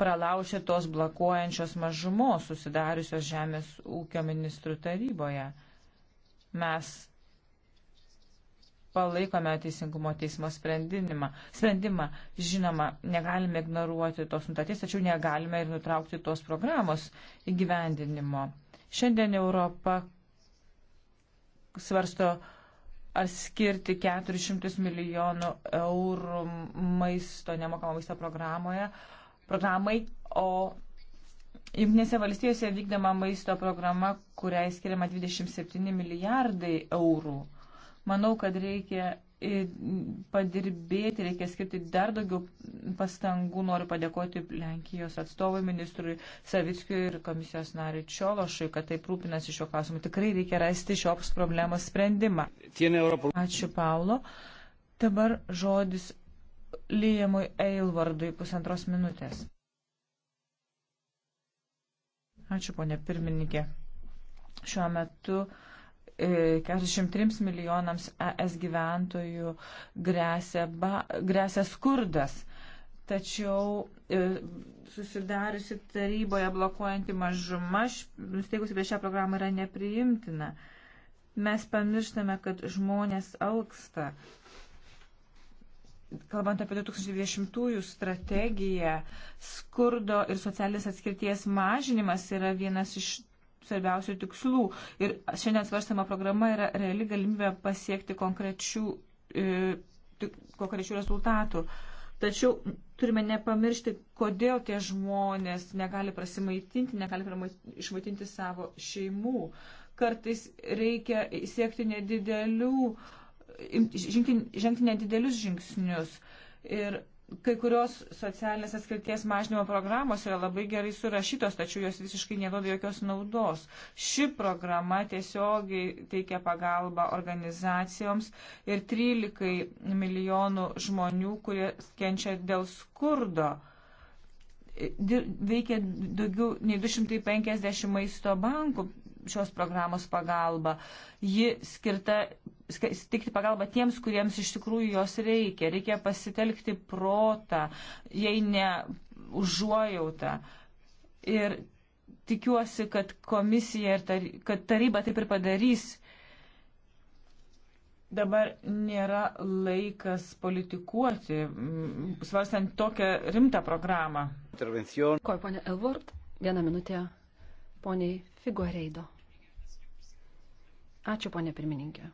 pralaužę tos blokuojančios mažumos susidariusios Žemės ūkio ministrų taryboje. Mes palaikome teisingumo teismo sprendimą. sprendimą. Žinoma, negalime ignoruoti tos nutarties, tačiau negalime ir nutraukti tos programos įgyvendinimo. Šiandien Europa svarsto ar skirti 400 milijonų eurų maisto, nemokamo maisto programoje, programai, o Junktinėse valstijose vykdama maisto programa, kuriai skiriama 27 milijardai eurų. Manau, kad reikia padirbėti, reikia skirti dar daugiau pastangų. Noriu padėkoti Lenkijos atstovui, ministrui Savickiui ir komisijos nariui Čiološui, kad taip rūpinasi šio klausimu. Tikrai reikia rasti šios problemos sprendimą. Ačiū, Paulo. Dabar žodis Lyjamui Eilvardui pusantros minutės. Ačiū, ponė pirmininkė. Šiuo metu uh, 43 e, milijonams ES gyventojų grėsia, ba, grėsia skurdas. Tačiau e, susidariusi taryboje blokuojanti mažuma, nusteigusi prieš šią programą, yra nepriimtina. Mes pamirštame, kad žmonės alksta. Kalbant apie 2020-ųjų strategiją, skurdo ir socialinės atskirties mažinimas yra vienas iš svarbiausių tikslų. Ir šiandien svarstama programa yra reali galimybė pasiekti konkrečių, e, konkrečių rezultatų. Tačiau turime nepamiršti, kodėl tie žmonės negali prasimaitinti, negali išmaitinti savo šeimų. Kartais reikia siekti nedidelių, žengti, žengti nedidelius žingsnius. Ir kai kurios socialinės atskirties mažinimo programos yra labai gerai surašytos, tačiau jos visiškai neduoda jokios naudos. Ši programa tiesiogiai teikia pagalbą organizacijoms ir 13 milijonų žmonių, kurie kenčia dėl skurdo. Veikia daugiau nei 250 maisto bankų šios programos pagalba. Ji skirta teikti pagalbą tiems, kuriems iš tikrųjų jos reikia. Reikia pasitelkti protą, jei ne užuojautą. Ir tikiuosi, kad komisija ir tar, kad taryba taip ir padarys. Dabar nėra laikas politikuoti, mm, svarstant tokią rimtą programą. Intervención. Ko, ponia Elvort, vieną minutę poniai Figuareido. Ačiū, ponė pirmininkė.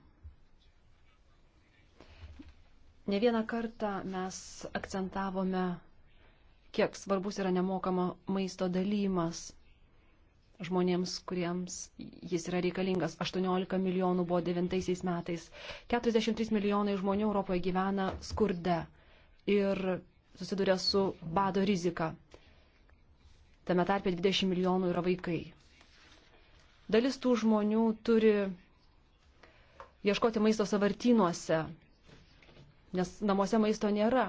Ne vieną kartą mes akcentavome, kiek svarbus yra nemokamo maisto dalymas žmonėms, kuriems jis yra reikalingas. 18 milijonų buvo 9 metais. 43 milijonai žmonių Europoje gyvena skurde ir susiduria su bado rizika. Tame tarpe 20 milijonų yra vaikai. Dalis tų žmonių turi ieškoti maisto savartynuose, nes namuose maisto nėra.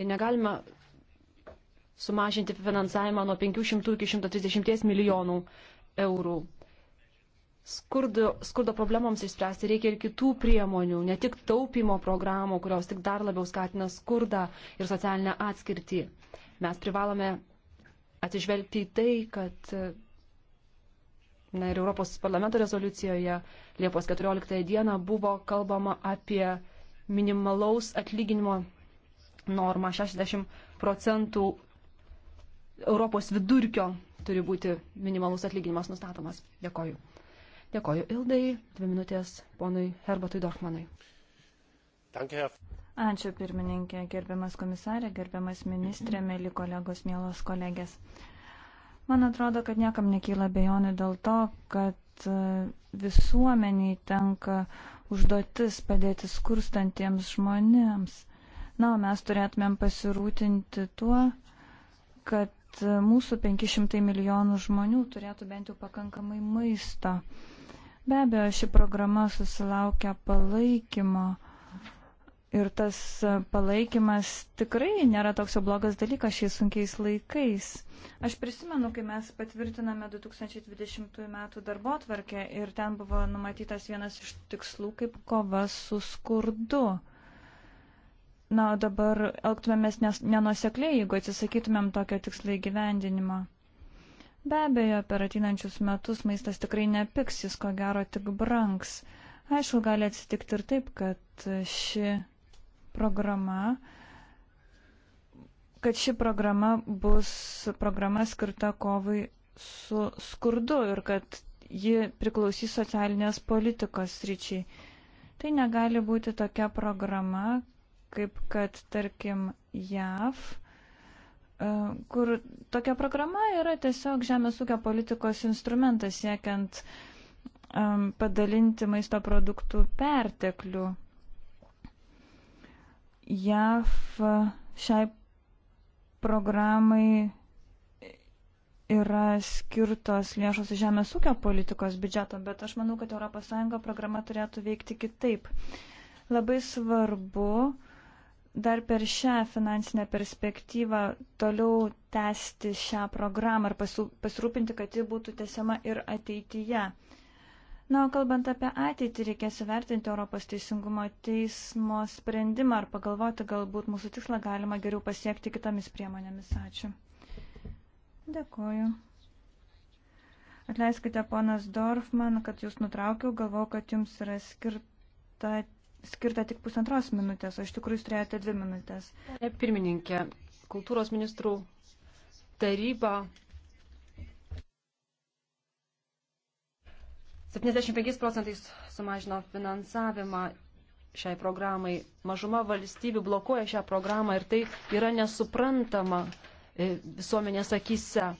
Ir negalime sumažinti finansavimą nuo 500 iki 130 milijonų eurų. Skurdo, skurdo problemoms išspręsti reikia ir kitų priemonių, ne tik taupimo programų, kurios tik dar labiau skatina skurdą ir socialinę atskirtį. Mes privalome atsižvelgti į tai, kad Na ir Europos parlamento rezoliucijoje Liepos 14 dieną buvo kalbama apie minimalaus atlyginimo normą 60 procentų Europos vidurkio turi būti minimalus atlyginimas nustatomas. Dėkoju. Dėkoju Ildai, dvi minutės ponui Herbatui Dorfmanui. Ačiū pirmininkė, gerbiamas komisarė, gerbiamas ministrė, mėly kolegos, mielos kolegės. Man atrodo, kad niekam nekyla bejonių dėl to, kad e, visuomeniai tenka užduotis padėti skurstantiems žmonėms. Na, o mes turėtumėm pasirūpinti tuo, kad e, mūsų 500 milijonų žmonių turėtų bent jau pakankamai maisto. Be abejo, ši programa susilaukia palaikymo. Ir tas palaikymas tikrai nėra toks jau blogas dalykas šiais sunkiais laikais. Aš prisimenu, kai mes patvirtiname 2020 m. darbo atvarkę ir ten buvo numatytas vienas iš tikslų kaip kova su skurdu. Na, o dabar elgtumėmės nenusekliai, jeigu atsisakytumėm tokio tikslai gyvendinimo. Be abejo, per ateinančius metus maistas tikrai nepiks, jis ko gero tik brangs. Aišku, gali atsitikti ir taip, kad ši programa, kad ši programa bus programa skirta kovai su skurdu ir kad ji priklausys socialinės politikos ryčiai. Tai negali būti tokia programa, kaip kad, tarkim, JAV, e, kur tokia programa yra tiesiog žemės ūkio politikos instrumentas siekiant e, padalinti maisto produktų perteklių. JAV šiai programai yra skirtos lėšos iš žemės ūkio politikos biudžeto, bet aš manau, kad ES programa turėtų veikti kitaip. Labai svarbu dar per šią finansinę perspektyvą toliau tęsti šią programą ir pasirūpinti, kad ji būtų tęsiama ir ateityje. Na, o kalbant apie ateitį, reikės įvertinti Europos teisingumo teismo sprendimą ar pagalvoti, galbūt mūsų tikslą galima geriau pasiekti kitomis priemonėmis. Ačiū. Dėkoju. Atleiskite, ponas Dorfman, kad jūs nutraukiau, galvau, kad jums yra skirta, skirta tik pusantros minutės, o iš tikrųjų jūs turėjote dvi minutės. Pirmininkė, kultūros ministrų taryba 75 procentais sumažino finansavimą šiai programai. Mažuma valstybių blokuoja šią programą ir tai yra nesuprantama e, visuomenės akise.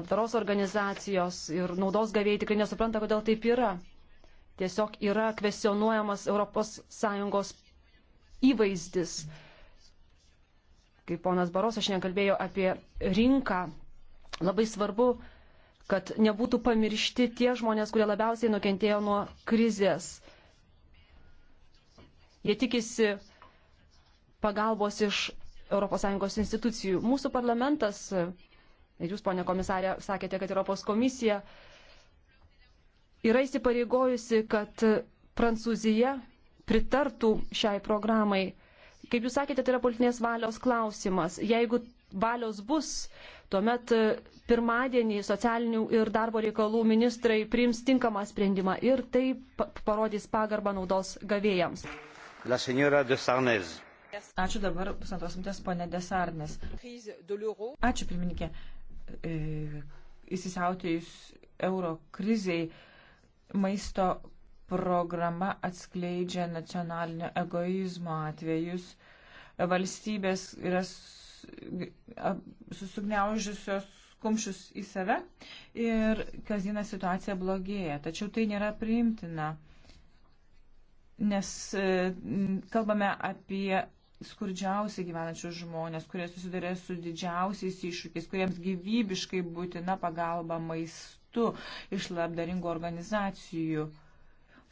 Labdaros organizacijos ir naudos gavėjai tikrai nesupranta, kodėl taip yra. Tiesiog yra kvesionuojamas ES įvaizdis. Kaip ponas Baros, aš nekalbėjau apie rinką. Labai svarbu kad nebūtų pamiršti tie žmonės, kurie labiausiai nukentėjo nuo krizės. Jie tikisi pagalbos iš ES institucijų. Mūsų parlamentas, ir jūs, ponė komisarė, sakėte, kad Europos komisija yra įsipareigojusi, kad Prancūzija pritartų šiai programai. Kaip jūs sakėte, tai yra politinės valios klausimas. Jeigu valios bus, Tuomet e, pirmadienį socialinių ir darbo reikalų ministrai priims tinkamą sprendimą ir tai parodys pagarbą naudos gavėjams. Ačiū dabar pusantros minutės, ponė Desarnes. Ačiū, pirmininkė. E, įsisiautėjus euro kriziai maisto programa atskleidžia nacionalinio egoizmo atvejus. Valstybės yra susigniaužusios kumščius į save ir kasdieną situacija blogėja. Tačiau tai nėra priimtina, nes e, kalbame apie skurdžiausiai gyvenančius žmonės, kurie susiduria su didžiausiais iššūkiais, kuriems gyvybiškai būtina pagalba maistu iš labdaringų organizacijų.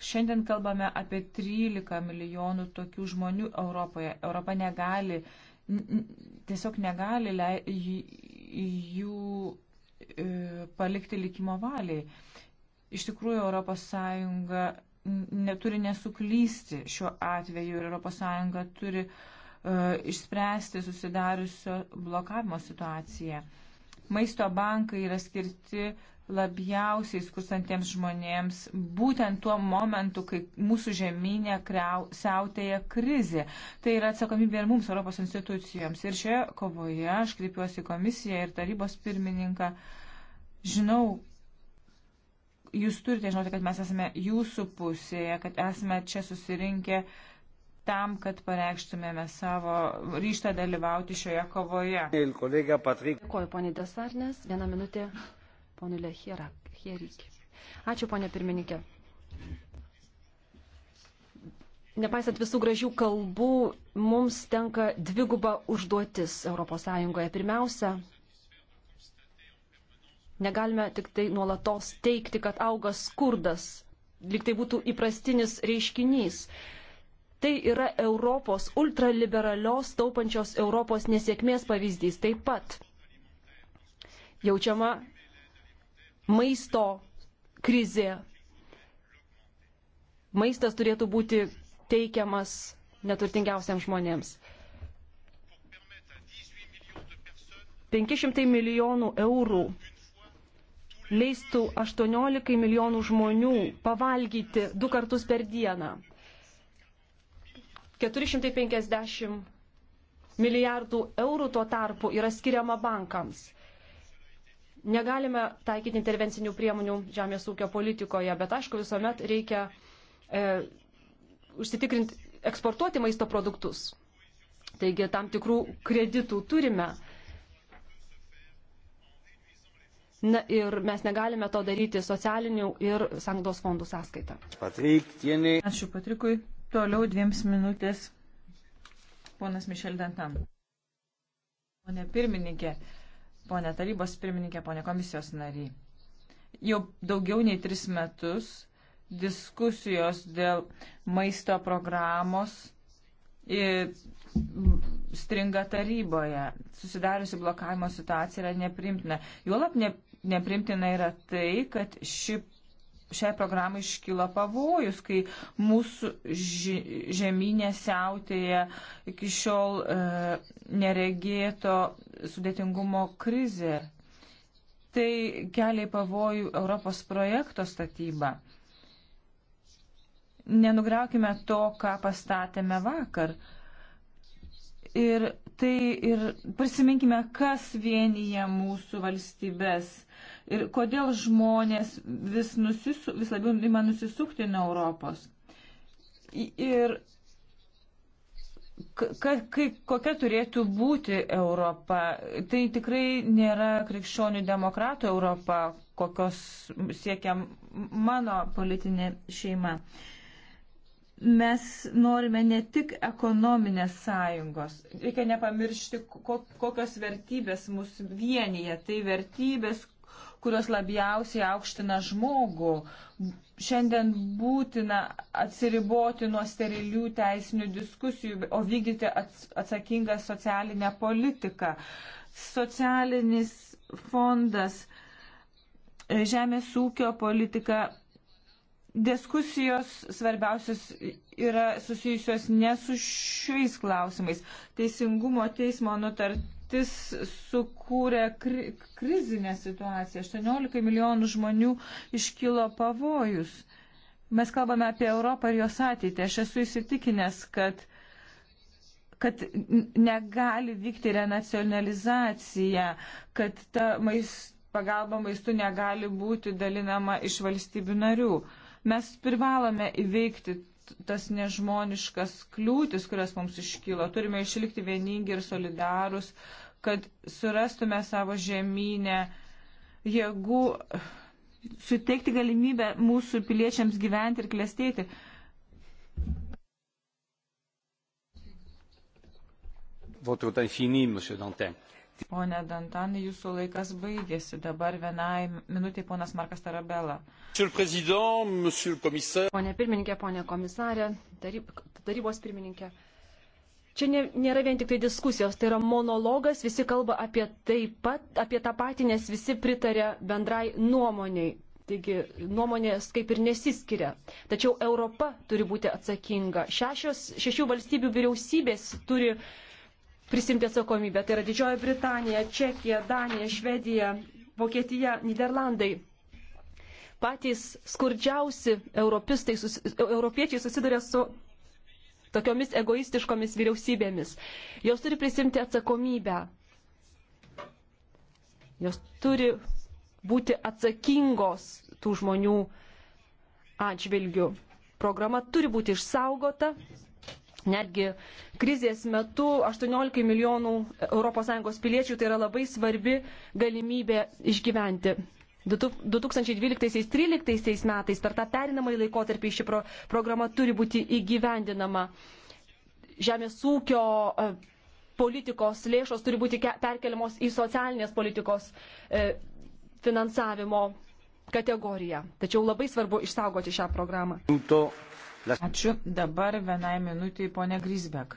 Šiandien kalbame apie 13 milijonų tokių žmonių Europoje. Europa negali uh, tiesiog negali jų e, palikti likimo valiai. Iš tikrųjų, ES neturi nesuklysti šiuo atveju ir ES turi uh, išspręsti susidariusio blokavimo situaciją. Maisto bankai yra skirti uh, labiausiai skursantiems žmonėms būtent tuo momentu, kai mūsų žemynė kreu, siautėja krizė. Tai yra atsakomybė ir mums, Europos institucijoms. Ir šioje kovoje aš kreipiuosi komisiją ir tarybos pirmininką. Žinau, jūs turite žinoti, kad mes esame jūsų pusėje, kad esame čia susirinkę tam, kad pareikštumėme savo ryštą dalyvauti šioje kovoje. Dėkuoju, poniai Desarnės. Vieną minutę ponui Lechierikį. Ačiū, ponė pirmininkė. Nepaisant visų gražių kalbų, mums tenka dviguba užduotis ES. Pirmiausia, negalime tik tai nuolatos teikti, kad auga skurdas, lyg tai būtų įprastinis reiškinys. Tai yra Europos ultraliberalios taupančios Europos nesėkmės pavyzdys taip pat. Jaučiama maisto krizė. Maistas turėtų būti teikiamas neturtingiausiams žmonėms. 500 milijonų eurų leistų 18 milijonų žmonių pavalgyti du kartus per dieną. 450 milijardų eurų tuo tarpu yra skiriama bankams. Negalime taikyti intervencinių priemonių žemės ūkio politikoje, bet aišku, visuomet reikia e, užsitikrinti, eksportuoti maisto produktus. Taigi tam tikrų kreditų turime. Na ir mes negalime to daryti socialinių ir sangdos fondų sąskaitą. Patrik, tienė. Ačiū Patrikui. Toliau dviems minutės. Ponas Mišel Dantam. Pone pirmininkė, ponė tarybos pirmininkė, ponė komisijos nariai. Jau daugiau nei tris metus diskusijos dėl maisto programos stringa taryboje. Susidariusi blokavimo situacija yra neprimtina. Juolab ne, neprimtina yra tai, kad ši šiai programai iškyla pavojus, kai mūsų žemynė siautėje iki šiol e, neregėto sudėtingumo krizė. Tai kelia į pavojų Europos projekto statybą. Nenugriaukime to, ką pastatėme vakar. Ir tai ir prisiminkime, kas vienyje mūsų valstybės ir kodėl žmonės vis, nusisu, vis labiau ima nusisukti nuo Europos. Ir ka, kai, kokia turėtų būti Europa, tai tikrai nėra krikščionių demokratų Europa, kokios siekia mano politinė šeima mes norime ne tik ekonominės sąjungos. Reikia nepamiršti, kokios vertybės mus vienyje. Tai vertybės, kurios labiausiai aukština žmogų. Šiandien būtina atsiriboti nuo sterilių teisinių diskusijų, o vykdyti atsakingą socialinę politiką. Socialinis fondas, e, žemės ūkio politika diskusijos svarbiausios yra susijusios ne su šiais klausimais. Teisingumo teismo nutart Patirtis sukūrė kri krizinę situaciją. 18 milijonų žmonių iškilo pavojus. Mes kalbame apie Europą ir jos ateitį. Aš esu įsitikinęs, kad, kad negali vykti renacionalizacija, kad ta maist, pagalba maistu negali būti dalinama iš valstybių narių. Mes privalome įveikti tas nežmoniškas kliūtis, kurias mums iškylo. Turime išlikti vieningi ir solidarūs, kad surastume savo žemynę jėgų, suteikti galimybę mūsų piliečiams gyventi ir klestėti. Votre temps est fini, Monsieur Dantin. Pone Dantanai, jūsų laikas baigėsi. Dabar vienai minutiai ponas Markas Tarabela. Pone pirmininkė, pone komisarė, taryb, tarybos pirmininkė. Čia nė, nėra vien tik tai diskusijos, tai yra monologas, visi kalba apie, taip pat, apie tą patį, nes visi pritarė bendrai nuomoniai. Taigi nuomonės kaip ir nesiskiria. Tačiau Europa turi būti atsakinga. Šešios, šešių valstybių vyriausybės turi uh, prisimti atsakomybę. Tai yra Didžioji Britanija, Čekija, Danija, Švedija, Vokietija, Niderlandai. Patys skurdžiausi sus, europiečiai susiduria su tokiomis egoistiškomis vyriausybėmis. Jos turi prisimti atsakomybę. Jos turi būti atsakingos tų žmonių atžvilgių. Programa turi būti išsaugota, Netgi krizės metu 18 milijonų ES piliečių tai yra labai svarbi galimybė išgyventi. 2012-2013 metais per tą perinamąjį laikotarpį ši pro, programa turi būti įgyvendinama. Žemės ūkio e, politikos lėšos turi būti perkeliamos į socialinės politikos e, finansavimo kategoriją. Tačiau labai svarbu išsaugoti šią programą. Minuto. Ačiū. Dabar vienai minutiai, ponė Grisbek.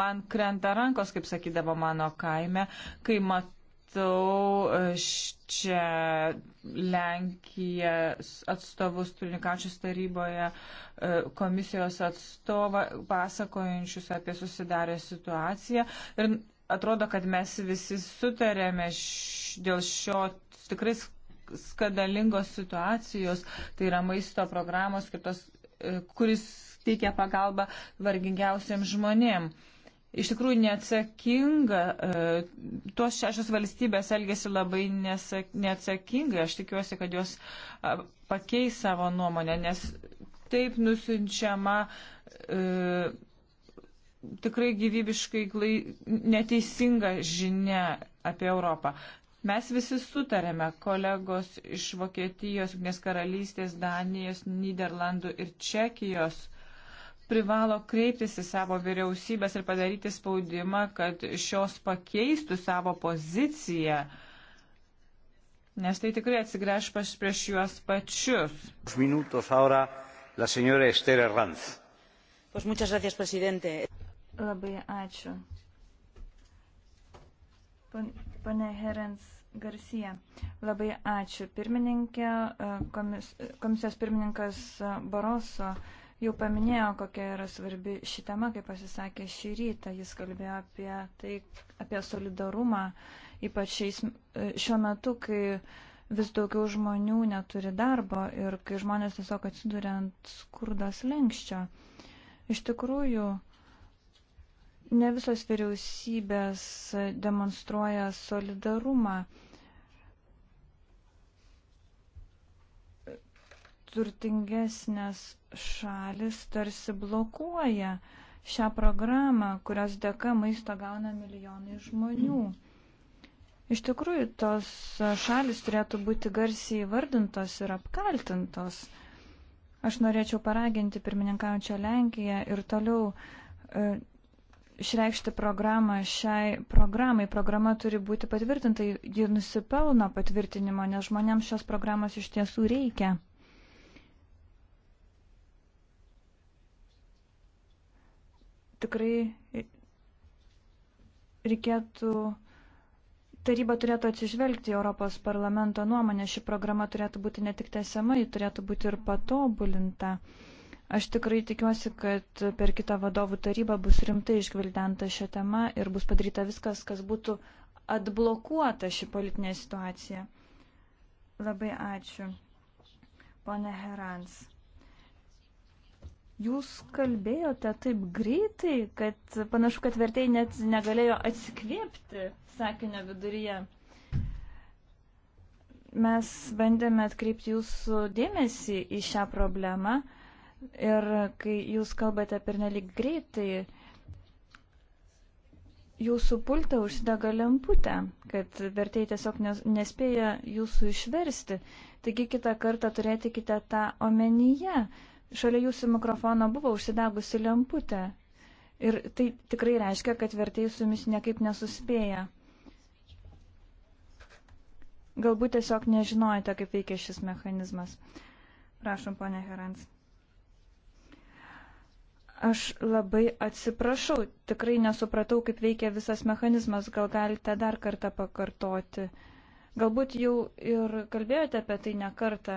Man krenta rankos, kaip sakydavo mano kaime, kai matau e, čia Lenkiją atstovus tulininkačius taryboje, e, komisijos atstovą, pasakojančius apie susidarę situaciją. Ir atrodo, kad mes visi sutarėme š, dėl šio tikrai skandalingos situacijos, tai yra maisto programos, skirtos, e, kuris teikia pagalbą vargingiausiems žmonėm. Iš tikrųjų neatsakinga, e, tuos šešios valstybės elgesi labai neatsakingai, aš tikiuosi, kad jos pakeis savo nuomonę, nes taip nusinčiama e, tikrai gyvybiškai neteisinga žinia apie Europą. Mes visi sutarėme, kolegos iš Vokietijos, Junktinės karalystės, Danijos, Niderlandų ir Čekijos privalo kreiptis į savo vyriausybės ir padaryti spaudimą, kad šios pakeistų savo poziciją, nes tai tikrai atsigręš prieš juos pačius. Ahora, pues gracias, Labai ačiū. Pan... Pane Herens Garcia, labai ačiū. Pirmininkė, e, komis, komisijos pirmininkas Baroso jau paminėjo, kokia yra svarbi ši tema, kaip pasisakė šį rytą. Jis kalbėjo apie tai, apie solidarumą, ypač šiais, e, šiuo metu, kai vis daugiau žmonių neturi darbo ir kai žmonės tiesiog atsiduria ant skurdos lenkščio. Iš tikrųjų, Ne visos vyriausybės demonstruoja solidarumą. Turtingesnės šalis tarsi blokuoja šią programą, kurios dėka maisto gauna milijonai žmonių. Iš tikrųjų, tos šalis turėtų būti garsiai vardintos ir apkaltintos. Aš norėčiau paraginti pirmininkaujančią Lenkiją ir toliau e, išreikšti programą šiai programai. Programa turi būti patvirtinta, ji nusipelno patvirtinimo, nes žmonėms šios programos iš tiesų reikia. Tikrai reikėtų taryba turėtų atsižvelgti į Europos parlamento nuomonę, ši programa turėtų būti ne tik tęsiama, ji turėtų būti ir patobulinta. Aš tikrai tikiuosi, kad per kitą vadovų tarybą bus rimtai išgvildenta šią temą ir bus padaryta viskas, kas būtų atblokuota ši politinė situacija. Labai ačiū, pone Herans. Jūs kalbėjote taip greitai, kad panašu, kad vertėjai net negalėjo atsikvėpti sakinio viduryje. Mes bandėme atkreipti jūsų dėmesį į šią problemą. Ir kai jūs kalbate pernelyg greitai, jūsų pultą užsidega lemputė, kad vertėjai tiesiog nespėja jūsų išversti. Taigi kitą kartą turėtikite tą omenyje. Šalia jūsų mikrofono buvo užsidegusi lemputė. Ir tai tikrai reiškia, kad vertėjai su jumis niekaip nesuspėja. Galbūt tiesiog nežinojate, kaip veikia šis mechanizmas. Prašom, ponė Herans. Aš labai atsiprašau, tikrai nesupratau, kaip veikia visas mechanizmas, gal galite dar kartą pakartoti. Galbūt jau ir kalbėjote apie tai ne kartą.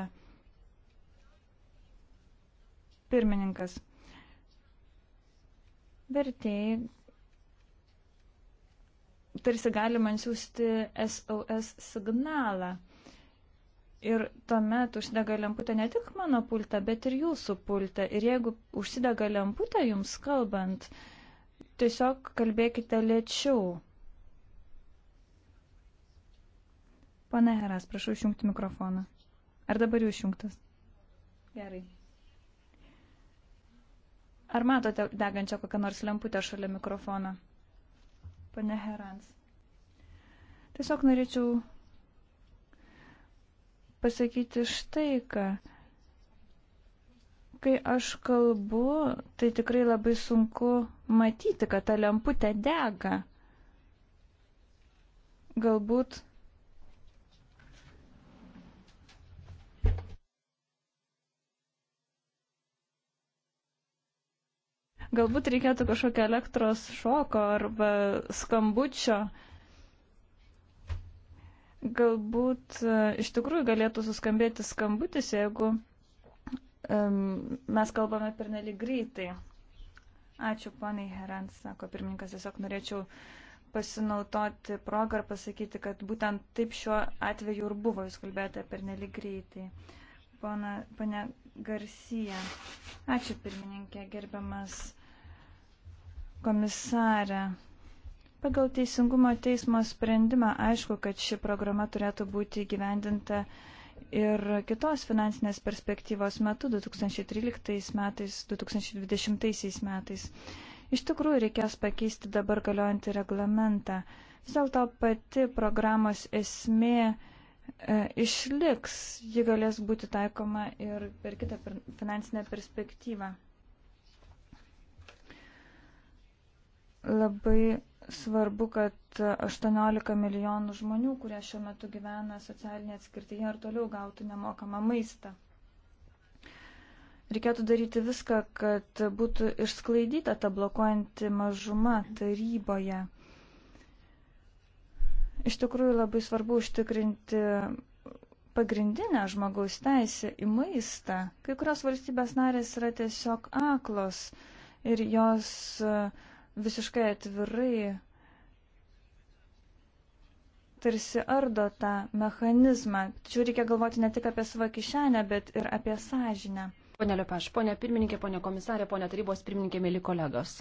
Pirmininkas. Vertėjai. Tarsi galima siūsti SOS signalą. Ir tuomet užsidega lemputė ne tik mano pultą, bet ir jūsų pultą. Ir jeigu užsidega lemputė jums kalbant, tiesiog kalbėkite lėčiau. Pane Heras, prašau išjungti mikrofoną. Ar dabar jūs išjungtas? Gerai. Ar matote degančią kokią nors lemputę šalia mikrofono? Pane Herans. Tiesiog norėčiau pasakyti štai ką. Kai aš kalbu, tai tikrai labai sunku matyti, kad ta lemputė dega. Galbūt galbūt reikėtų kažkokio elektros šoko arba skambučio Galbūt e, iš tikrųjų galėtų suskambėti skambutis, jeigu um, mes kalbame per nelik greitai. Ačiū, poniai Herant, sako pirmininkas, tiesiog norėčiau pasinaudoti progą ir pasakyti, kad būtent taip šiuo atveju ir buvo, jūs kalbėjote per nelik greitai. Pana, pane Garcija, ačiū pirmininkė, gerbiamas komisarė. Pagal Teisingumo teismo sprendimą aišku, kad ši programa turėtų būti gyvendinta ir kitos finansinės perspektyvos metu 2013 metais, 2020 metais. Iš tikrųjų reikės pakeisti dabar galiojantį reglamentą. Vis dėlto pati programos esmė e, išliks, ji galės būti taikoma ir per kitą finansinę perspektyvą. Labai svarbu, kad 18 milijonų žmonių, kurie šiuo metu gyvena socialinė atskirtyje ir toliau gautų nemokamą maistą. Reikėtų daryti viską, kad būtų išsklaidyta ta blokuojanti mažuma taryboje. Iš tikrųjų labai svarbu užtikrinti pagrindinę žmogaus teisę į maistą. Kai kurios valstybės narės yra tiesiog aklos ir jos uh, visiškai atvirai tarsi ardo tą mechanizmą. Tačiau reikia galvoti ne tik apie savo kišenę, bet ir apie sąžinę. Pone Lepaš, pone pirmininkė, pone komisarė, pone tarybos pirmininkė, mėly kolegos.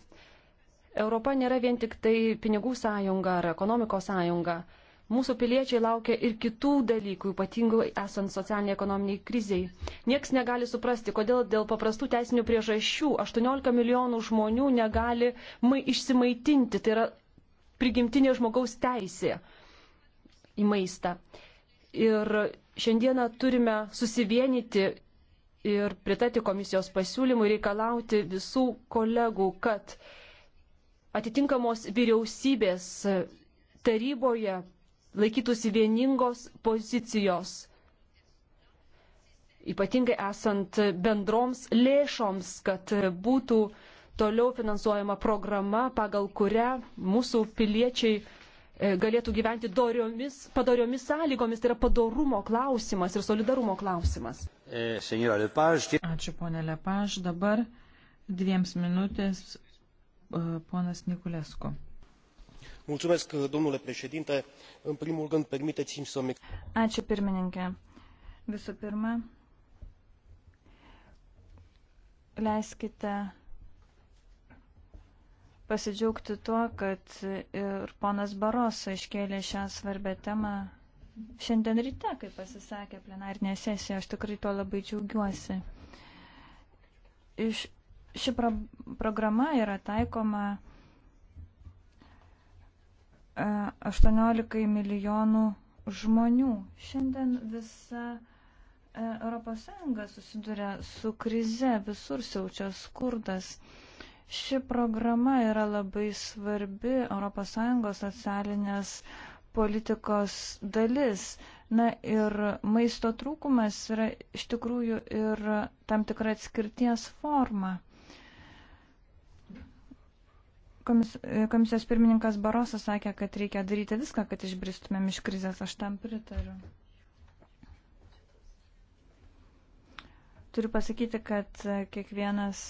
Europa nėra vien tik tai pinigų sąjunga ar ekonomikos sąjunga. Mūsų piliečiai laukia ir kitų dalykų, ypatingai esant socialiniai ekonominiai kriziai. Niekas negali suprasti, kodėl dėl paprastų teisinių priežasčių 18 milijonų žmonių negali išsimaitinti. Tai yra prigimtinė žmogaus teisė į maistą. Ir šiandieną turime susivienyti ir pritarti komisijos pasiūlymui reikalauti visų kolegų, kad atitinkamos vyriausybės taryboje laikytųsi vieningos pozicijos, ypatingai esant bendroms lėšoms, kad būtų toliau finansuojama programa, pagal kurią mūsų piliečiai e, galėtų gyventi doriomis, padoriomis sąlygomis, tai yra padarumo klausimas ir solidarumo klausimas. E, Ačiū, ponė Lepaž. Dabar dviems minutės e, ponas Nikulesku în primul rând permitei mi să îmi Ačiū pirmininkė. Visų pirma, leiskite pasidžiaugti tuo, kad ir ponas Barosa iškėlė šią svarbę temą šiandien ryte, kai pasisakė plenarinė sesija, aš tikrai tuo labai džiaugiuosi. Iš, ši pro, programa yra taikoma 18 e, milijonų žmonių. Šiandien visa ES susiduria su krize, visur siaučia skurdas. Ši programa yra labai svarbi ES socialinės politikos dalis. Na ir maisto trūkumas yra iš tikrųjų ir tam tikra atskirties forma komis, komisijos pirmininkas Barosas sakė, kad reikia daryti viską, kad išbristumėm iš krizės. Aš tam pritariu. Turiu pasakyti, kad e, kiekvienas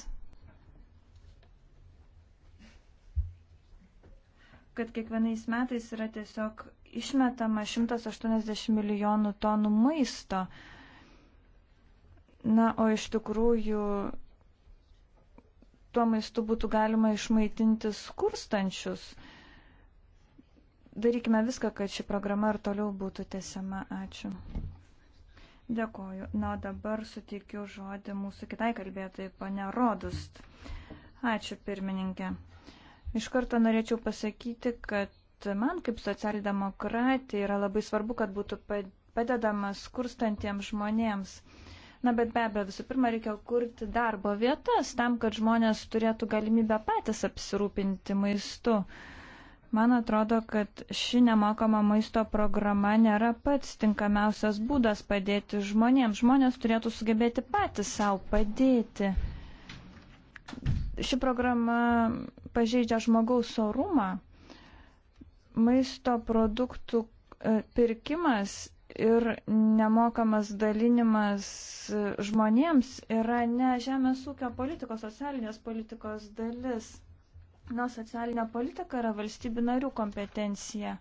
kad kiekvienais metais yra tiesiog išmetama 180 milijonų tonų maisto. Na, o iš tikrųjų tuo maistu būtų galima išmaitinti skurstančius. Darykime viską, kad ši programa ir toliau būtų tesiama. Ačiū. Dėkoju. Na, dabar suteikiu žodį mūsų kitai kalbėtai, pane Rodust. Ačiū, pirmininkė. Iš karto norėčiau pasakyti, kad man kaip socialdemokratija yra labai svarbu, kad būtų padedamas skurstantiems žmonėms. Na, bet be abejo, visų pirma, reikia kurti darbo vietas tam, kad žmonės turėtų galimybę patys apsirūpinti maistu. Man atrodo, kad ši nemokama maisto programa nėra pats tinkamiausias būdas padėti žmonėms. Žmonės turėtų sugebėti patys savo padėti. Ši programa pažeidžia žmogaus orumą maisto produktų e, pirkimas ir nemokamas dalinimas žmonėms yra ne žemės ūkio politikos, socialinės politikos dalis. Na, socialinė politika yra valstybių narių kompetencija.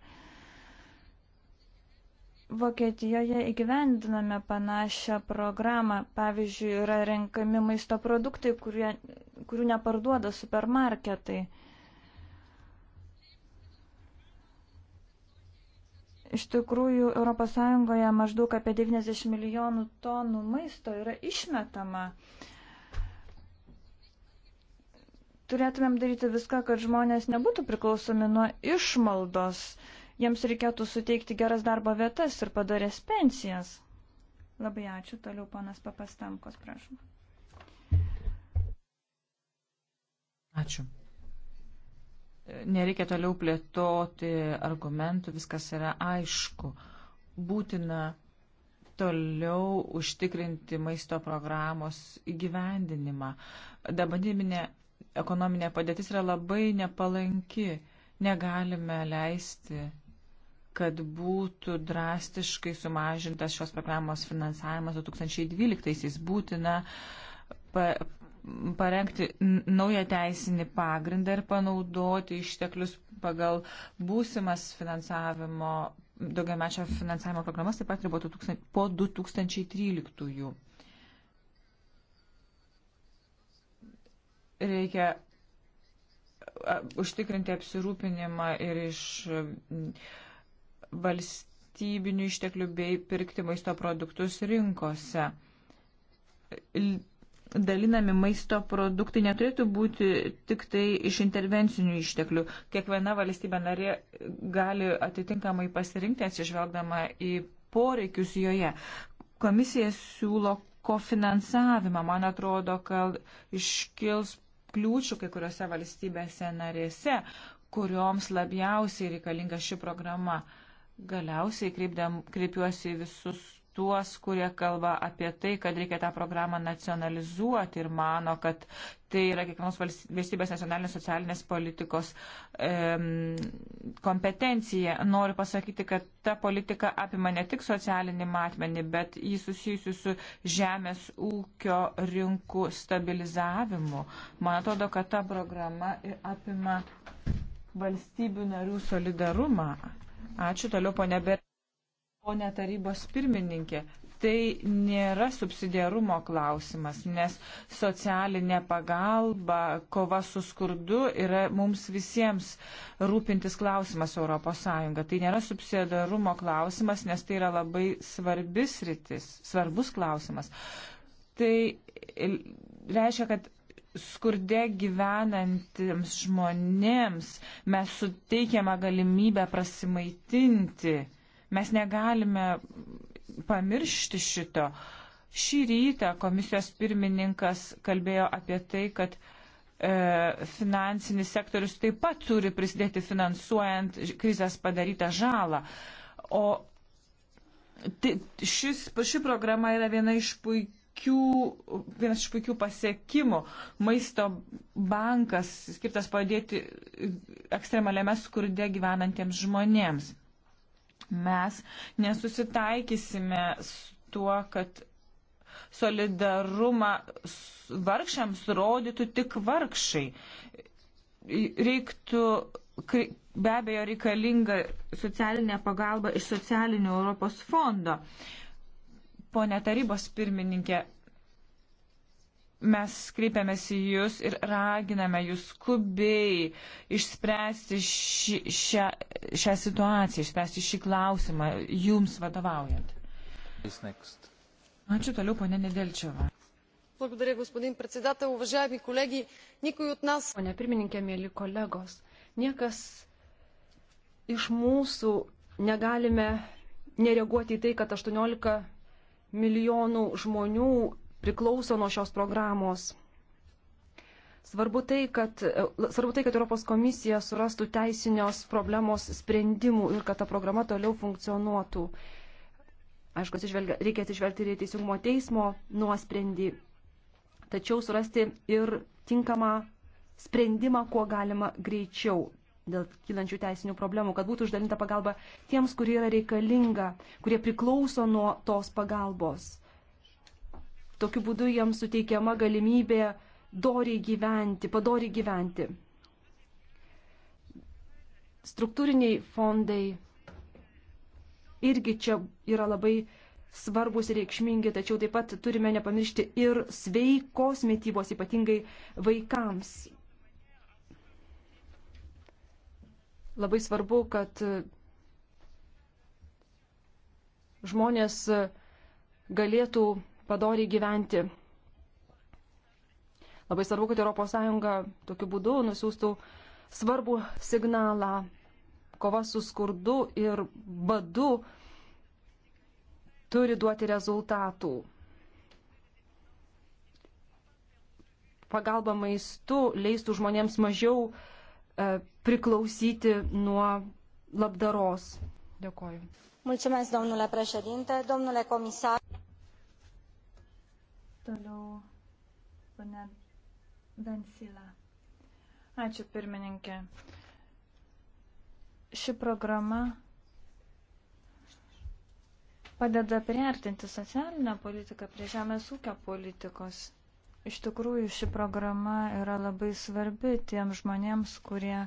Vokietijoje įgyvendiname panašią programą. Pavyzdžiui, yra renkami maisto produktai, kurie, kurių neparduoda supermarketai. Uh, Iš tikrųjų, ES maždaug apie 90 milijonų tonų maisto yra išmetama. Turėtumėm daryti viską, kad žmonės nebūtų priklausomi nuo išmaldos. Jiems reikėtų suteikti geras darbo vietas ir padarės pensijas. Labai ačiū. Toliau ponas Papastamkos, prašom. Ačiū. Nereikia toliau plėtoti argumentų, viskas yra aišku. Būtina toliau užtikrinti maisto programos įgyvendinimą. Dabartinė ekonominė padėtis yra labai nepalanki. Negalime leisti, kad būtų drastiškai sumažintas šios programos finansavimas 2012-aisiais. Būtina pa parengti naują teisinį pagrindą ir panaudoti išteklius pagal būsimas finansavimo, daugiamečio finansavimo programas, taip pat ir po 2013. Reikia užtikrinti apsirūpinimą ir iš valstybinių išteklių bei pirkti maisto produktus rinkose dalinami maisto produktai neturėtų būti tik tai iš intervencinių išteklių. Kiekviena valstybė narė gali atitinkamai pasirinkti atsižvelgdama į poreikius joje. Komisija siūlo kofinansavimą. Man atrodo, kad iškils kliūčių kai kuriuose valstybėse narėse, kurioms labiausiai reikalinga ši programa. Galiausiai kreipdam, kreipiuosi visus tuos, kurie kalba apie tai, kad reikia tą programą nacionalizuoti ir mano, kad tai yra kiekvienos valstybės nacionalinės socialinės politikos um, kompetencija. Noriu pasakyti, kad ta politika apima ne tik socialinį matmenį, bet jį susijusiu su žemės ūkio rinkų stabilizavimu. Man atrodo, kad ta programa apima valstybių narių solidarumą. Ačiū toliau, ponė Ber. Pone tarybos pirmininkė, tai nėra subsidiarumo klausimas, nes socialinė pagalba, kova su skurdu yra mums visiems rūpintis klausimas ES. Tai nėra subsidiarumo klausimas, nes tai yra labai svarbis rytis, svarbus klausimas. Tai reiškia, kad skurde gyvenantiems žmonėms mes suteikiame galimybę prasimaitinti Mes negalime pamiršti šito. Šį rytą komisijos pirmininkas kalbėjo apie tai, kad e, finansinis sektorius taip pat turi prisidėti finansuojant krizės padarytą žalą. O tai, šis, ši programa yra viena iš puikių puikių, vienas iš puikių pasiekimų. Maisto bankas skirtas padėti ekstremaliame skurde gyvenantiems žmonėms. Mes nesusitaikysime su tuo, kad solidarumą vargšiams rodytų tik vargšai. Reiktų be abejo reikalinga socialinė pagalba iš socialinio Europos fondo. Pone tarybos pirmininkė, mes kreipiamės į Jūs ir raginame Jūs skubiai išspręsti ši, šią, šią situaciją, išspręsti šį klausimą Jums vadovaujant. Ačiū toliau, ponė Nedelčiava. Благодаря, господин председател. Уважаеми колеги, никой от нас... Поне пирмininkė, mėly kolegos, niekas iš mūsų negalime nereaguoti į tai, kad 18 milijonų žmonių priklauso nuo šios programos. Svarbu tai, kad, svarbu tai, kad Europos komisija surastų teisinios problemos sprendimų ir kad ta programa toliau funkcionuotų. Aišku, reikia atsižvelgti ir į teisingumo teismo nuosprendį, tačiau surasti ir tinkamą sprendimą, kuo galima greičiau dėl kylančių teisinių problemų, kad būtų uždalinta pagalba tiems, kurie yra reikalinga, kurie priklauso nuo tos pagalbos. Tokiu būdu jiems suteikiama galimybė doriai gyventi, padoriai gyventi. Struktūriniai fondai irgi čia yra labai svarbus ir reikšmingi, tačiau taip pat turime nepamiršti ir sveikos mytybos, ypatingai vaikams. Labai svarbu, kad žmonės galėtų padoriai gyventi. Labai svarbu, kad ES tokiu būdu nusiųstų svarbų signalą. Kova su skurdu ir badu turi duoti rezultatų. Pagalba maistu leistų žmonėms mažiau e, priklausyti nuo labdaros. Dėkoju. Mulțumesc, domnule președinte, domnule comisar. Toliau, pane Vensila. Ačiū, pirmininkė. Ši programa padeda priartinti socialinę politiką prie žemės ūkio politikos. Iš tikrųjų, ši programa yra labai svarbi tiem žmonėms, kurie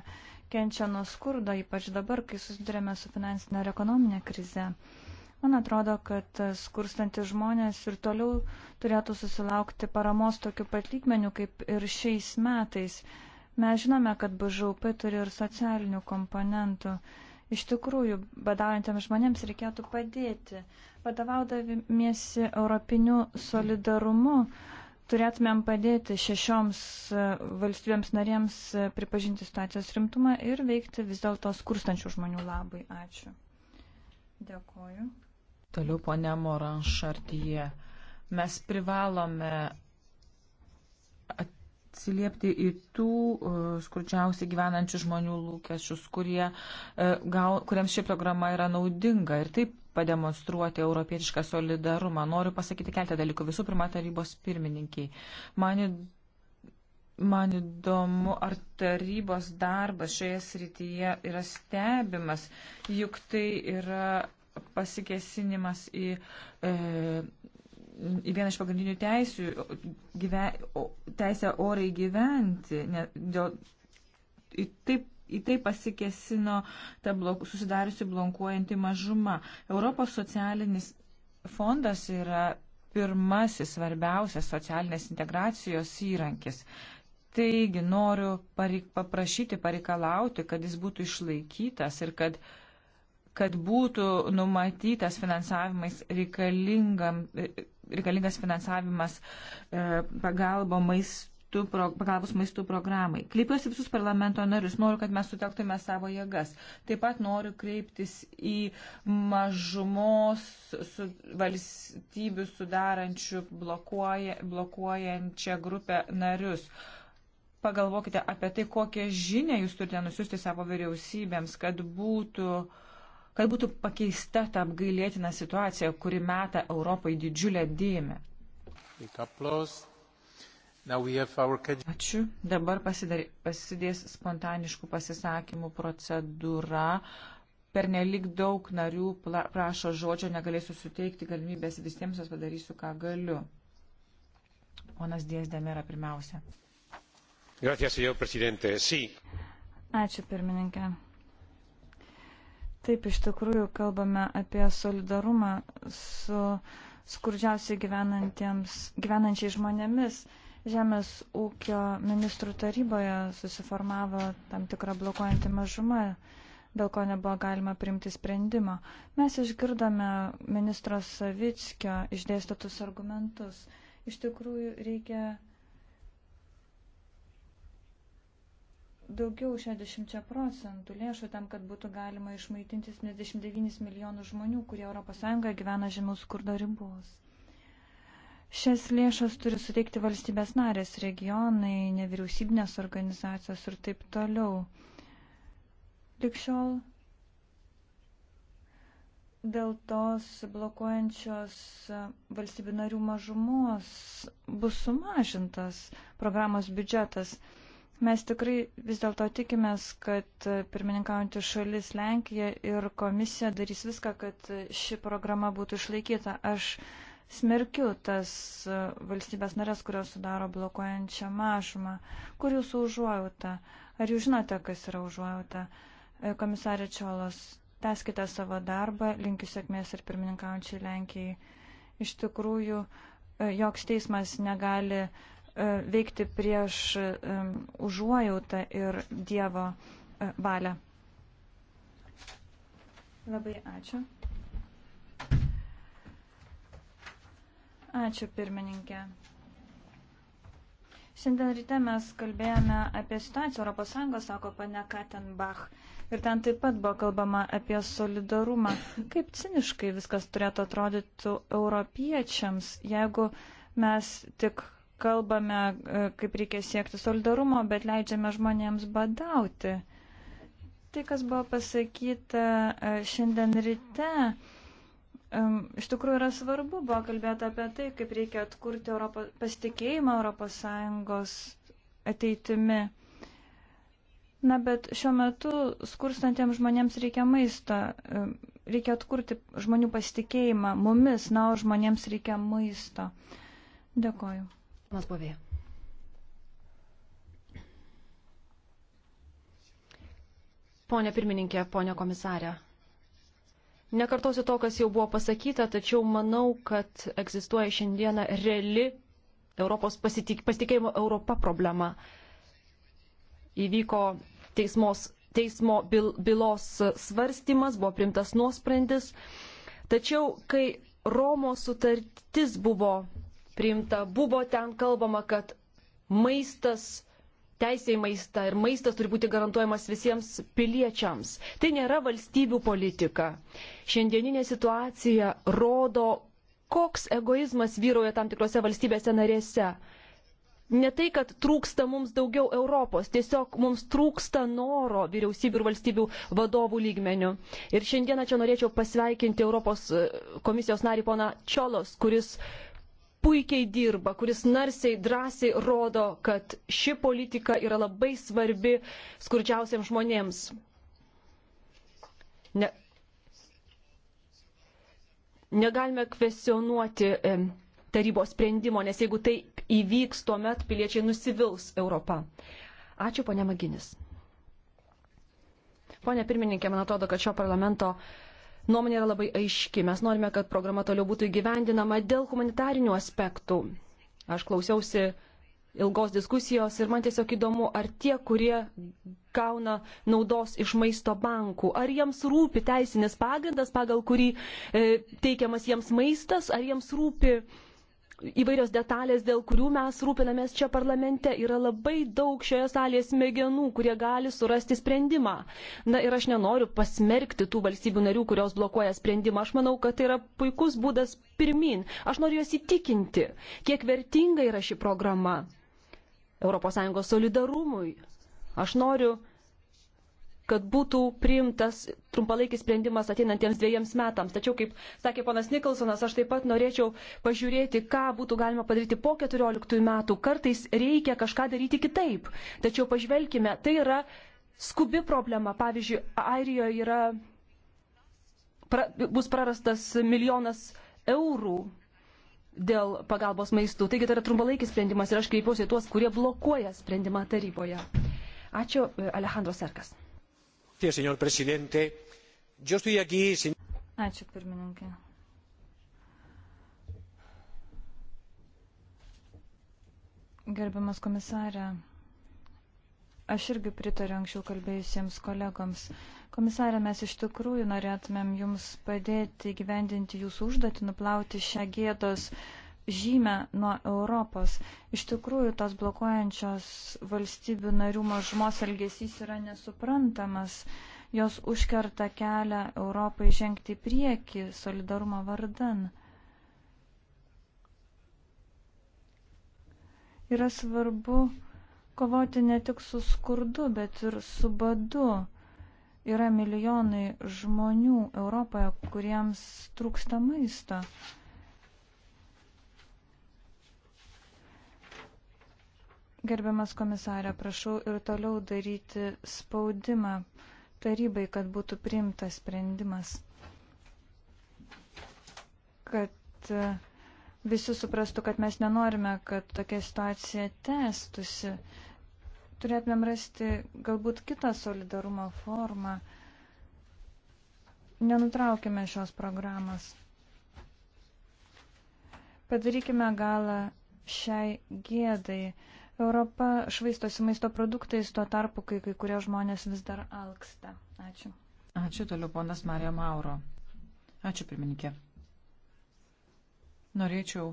kenčia nuo skurdo, ypač dabar, kai susidurėme su finansinė ir ekonominė krize. Man atrodo, kad skurstantis žmonės ir toliau turėtų susilaukti paramos tokiu pat lygmeniu kaip ir šiais metais. Mes žinome, kad BŽUP turi ir socialinių komponentų. Iš tikrųjų, badaujantiems žmonėms reikėtų padėti. Vadovaudamiesi europiniu solidarumu, turėtumėm padėti šešioms e, valstybėms narėms e, pripažinti situacijos rimtumą ir veikti vis dėlto skurstančių žmonių labai. Ačiū. Dėkuoju. Toliau ponia Moran Šartyje. Mes privalome atsiliepti į tų uh, e, skurčiausiai gyvenančių žmonių lūkesčius, kurie, uh, e, gal, kuriems ši programa yra naudinga ir taip pademonstruoti europietišką solidarumą. Noriu pasakyti keletą dalykų. Visų pirma, tarybos pirmininkiai. Man Man įdomu, ar tarybos darbas šioje srityje yra stebimas, juk tai yra pasikesinimas į, e, į vieną iš pagrindinių teisių, gyve, o, teisę orai gyventi. Ne, dėl, į, taip, į tai pasikesino ta blok, susidariusi blokuojanti mažuma. Europos socialinis fondas yra pirmasis svarbiausias socialinės integracijos įrankis. Taigi noriu pareik, paprašyti, pareikalauti, kad jis būtų išlaikytas ir kad uh, kad būtų numatytas finansavimais reikalingas finansavimas e, pagalbo maistų, pagalbos maistų programai. Kreipiuosi visus parlamento narius, noriu, kad mes sutelktume savo jėgas. Taip pat noriu kreiptis į mažumos su valstybių sudarančių blokuoja, blokuojančią grupę narius pagalvokite apie tai, kokią žinę jūs turite nusiųsti savo vyriausybėms, kad būtų uh, kad būtų pakeista ta apgailėtina situacija, kuri meta Europai didžiulę dėmę. Ačiū. Dabar pasidar, pasidės spontaniškų pasisakymų procedūra. Per nelik daug narių prašo žodžio, negalėsiu suteikti galimybės visiems, aš padarysiu, ką galiu. Ponas Dės Demera pirmiausia. Gracias, señor presidente. Sí. Ačiū, pirmininkė. Taip, iš tikrųjų kalbame apie solidarumą su skurdžiausiai gyvenančiai žmonėmis. Žemės ūkio ministrų taryboje susiformavo tam tikra blokuojanti mažuma, dėl ko nebuvo galima priimti sprendimo. Mes išgirdome ministro Savickio išdėstytus argumentus. Iš tikrųjų reikia daugiau 60 procentų lėšų tam, kad būtų galima išmaitinti 79 milijonų žmonių, kurie ES gyvena žemiau skurdo ribos. Šias lėšas turi suteikti valstybės narės, regionai, nevyriausybinės organizacijos ir taip toliau. Likščiol dėl tos blokuojančios valstybių narių mažumos bus sumažintas programos biudžetas. Mes tikrai vis dėlto tikimės, kad pirmininkaujantį šalis Lenkija ir komisija darys viską, kad ši programa būtų išlaikyta. Aš smerkiu tas valstybės narės, kurios sudaro blokuojančią mažumą. Kur jūsų užuojauta? Ar jūs žinote, kas yra užuojauta? Komisarė Čiolos, teskite savo darbą, linkiu sėkmės ir pirmininkaujančiai Lenkijai. Iš tikrųjų, joks teismas negali uh, E, veikti prieš e, užuojautą ir Dievo e, valią. Labai ačiū. Ačiū pirmininkė. Šiandien ryte mes kalbėjome apie situaciją ES, sako pane Katenbach. Ir ten taip pat buvo kalbama apie solidarumą. Kaip ciniškai viskas turėtų atrodyti europiečiams, jeigu mes tik kalbame, e, kaip reikia siekti solidarumo, bet leidžiame žmonėms badauti. Tai, kas buvo pasakyta e, šiandien ryte, iš tikrųjų yra svarbu. Buvo kalbėta apie tai, kaip reikia atkurti Europo, pasitikėjimą ES ateitimi. Na, bet šiuo metu skurstantiems žmonėms reikia maisto, e, reikia atkurti žmonių pasitikėjimą mumis, na, o žmonėms reikia maisto. Dėkoju. Mas bovė. Pone pirmininkė, pone komisarė. Nekartosiu to, kas jau buvo pasakyta, tačiau manau, kad egzistuoja šiandieną reali Europos pasitik, pasitikėjimo Europa problema. Įvyko teismos, teismo bil, bylos svarstymas, buvo primtas nuosprendis. Tačiau, kai Romos sutartis buvo priimta, buvo ten kalbama, kad maistas, teisė į maistą ir maistas turi būti garantuojamas visiems piliečiams. Tai nėra valstybių politika. Šiandieninė situacija rodo, koks egoizmas vyroja tam tikrose valstybėse narėse. Ne tai, kad trūksta mums daugiau Europos, tiesiog mums trūksta noro vyriausybių ir valstybių vadovų lygmenių. Ir šiandieną čia norėčiau pasveikinti Europos e, komisijos narį poną Čiolos, kuris puikiai dirba, kuris narsiai, drąsiai rodo, kad ši politika yra labai svarbi skurdžiausiems žmonėms. Ne, negalime kvesionuoti e, tarybos sprendimo, nes jeigu tai įvyks, tuomet piliečiai nusivils Europą. Ačiū, ponia Maginis. Pone pirmininkė, man atrodo, kad šio parlamento uh, nuomonė yra labai aiški. Mes norime, kad programa toliau būtų įgyvendinama dėl humanitarinių aspektų. Aš klausiausi ilgos diskusijos ir man tiesiog įdomu, ar tie, kurie gauna naudos iš maisto bankų, ar jiems rūpi teisinis pagrindas, pagal kurį e, teikiamas jiems maistas, ar jiems rūpi e, įvairios detalės, dėl kurių mes rūpinamės čia parlamente, yra labai daug šioje salėje smegenų, kurie gali surasti sprendimą. Na ir aš nenoriu pasmerkti tų valstybių narių, kurios blokuoja sprendimą. Aš manau, kad tai yra puikus būdas pirmin. Aš noriu juos įtikinti, kiek vertinga yra ši programa ES solidarumui. Aš noriu kad būtų priimtas trumpalaikis sprendimas ateinantiems dviejams metams. Tačiau, kaip sakė ponas Nikolsonas, aš taip pat norėčiau pažiūrėti, ką būtų galima padaryti po 14 metų. Kartais reikia kažką daryti kitaip. Tačiau pažvelkime, tai yra skubi problema. Pavyzdžiui, Airijoje yra, pra, bus prarastas milijonas eurų dėl pagalbos maistų. Taigi tai yra trumpalaikis sprendimas ir aš kreipiuosi tuos, kurie blokuoja sprendimą taryboje. Ačiū, Alejandro Serkas señor presidente yo estoy aquí sin. ačiū pirmininke gerbiamas komisare aš irgi pritariu anksčiau kalbėjusiems kolegoms komisare mes iš tikrųjų norėtumėm jums padėti įgyvendinti jūsų užduotį nuplauti šią gėdos žymę nuo Europos. Iš tikrųjų, tos blokuojančios valstybių narių mažumos elgesys yra nesuprantamas. Jos užkerta kelią Europai žengti į priekį solidarumo vardan. Yra svarbu kovoti ne tik su skurdu, bet ir su badu yra milijonai žmonių Europoje, kuriems trūksta maisto. Gerbiamas komisarė, prašau ir toliau daryti spaudimą tarybai, kad būtų priimtas sprendimas, kad e, visi suprastų, kad mes nenorime, kad tokia situacija tęstusi. Turėtumėm rasti galbūt kitą solidarumo formą. Nenutraukime šios programos. Padarykime galą šiai gėdai. Europa švaistosi maisto produktais tuo tarpu, kai kai kurie žmonės vis dar alksta. Ačiū. Ačiū toliau, ponas Marija Mauro. Ačiū, pirmininkė. Norėčiau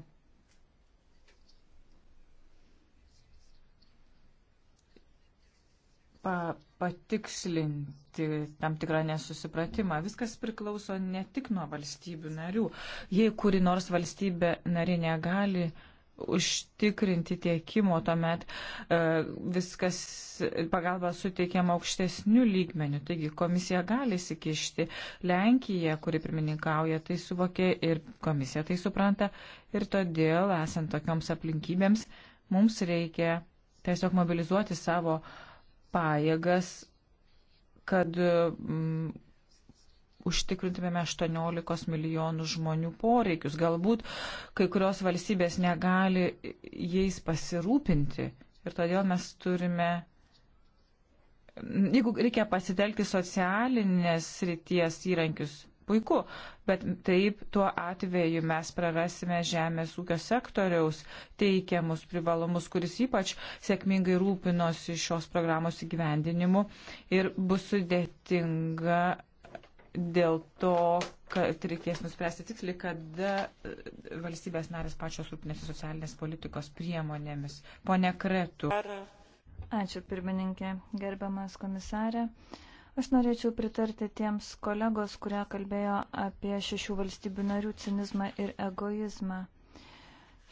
pa, patikslinti tam tikrą nesusipratimą. Viskas priklauso ne tik nuo valstybių narių. Jei kuri nors valstybė narė negali uh, užtikrinti tiekimo, tuomet e, viskas pagalba suteikiama aukštesnių lygmenių. Taigi komisija gali įsikišti. Lenkija, kuri pirmininkauja, tai suvokė ir komisija tai supranta. Ir todėl, esant tokioms aplinkybėms, mums reikia tiesiog mobilizuoti savo pajėgas, kad užtikrintumėme 18 milijonų žmonių poreikius. Galbūt kai kurios valstybės negali jais pasirūpinti ir todėl mes turime, jeigu reikia pasitelkti socialinės ryties įrankius, puiku, bet taip tuo atveju mes prarasime žemės ūkio sektoriaus teikiamus privalumus, kuris ypač sėkmingai rūpinosi šios programos įgyvendinimu ir bus sudėtinga dėl to, kad reikės nuspręsti tiksliai, kada e, valstybės narės pačios rūpinėsi socialinės politikos priemonėmis. Pone Kretų. Ačiū, pirmininkė, gerbiamas komisarė. Aš norėčiau pritarti tiems kolegos, kurie kalbėjo apie šešių valstybių narių cinizmą ir egoizmą.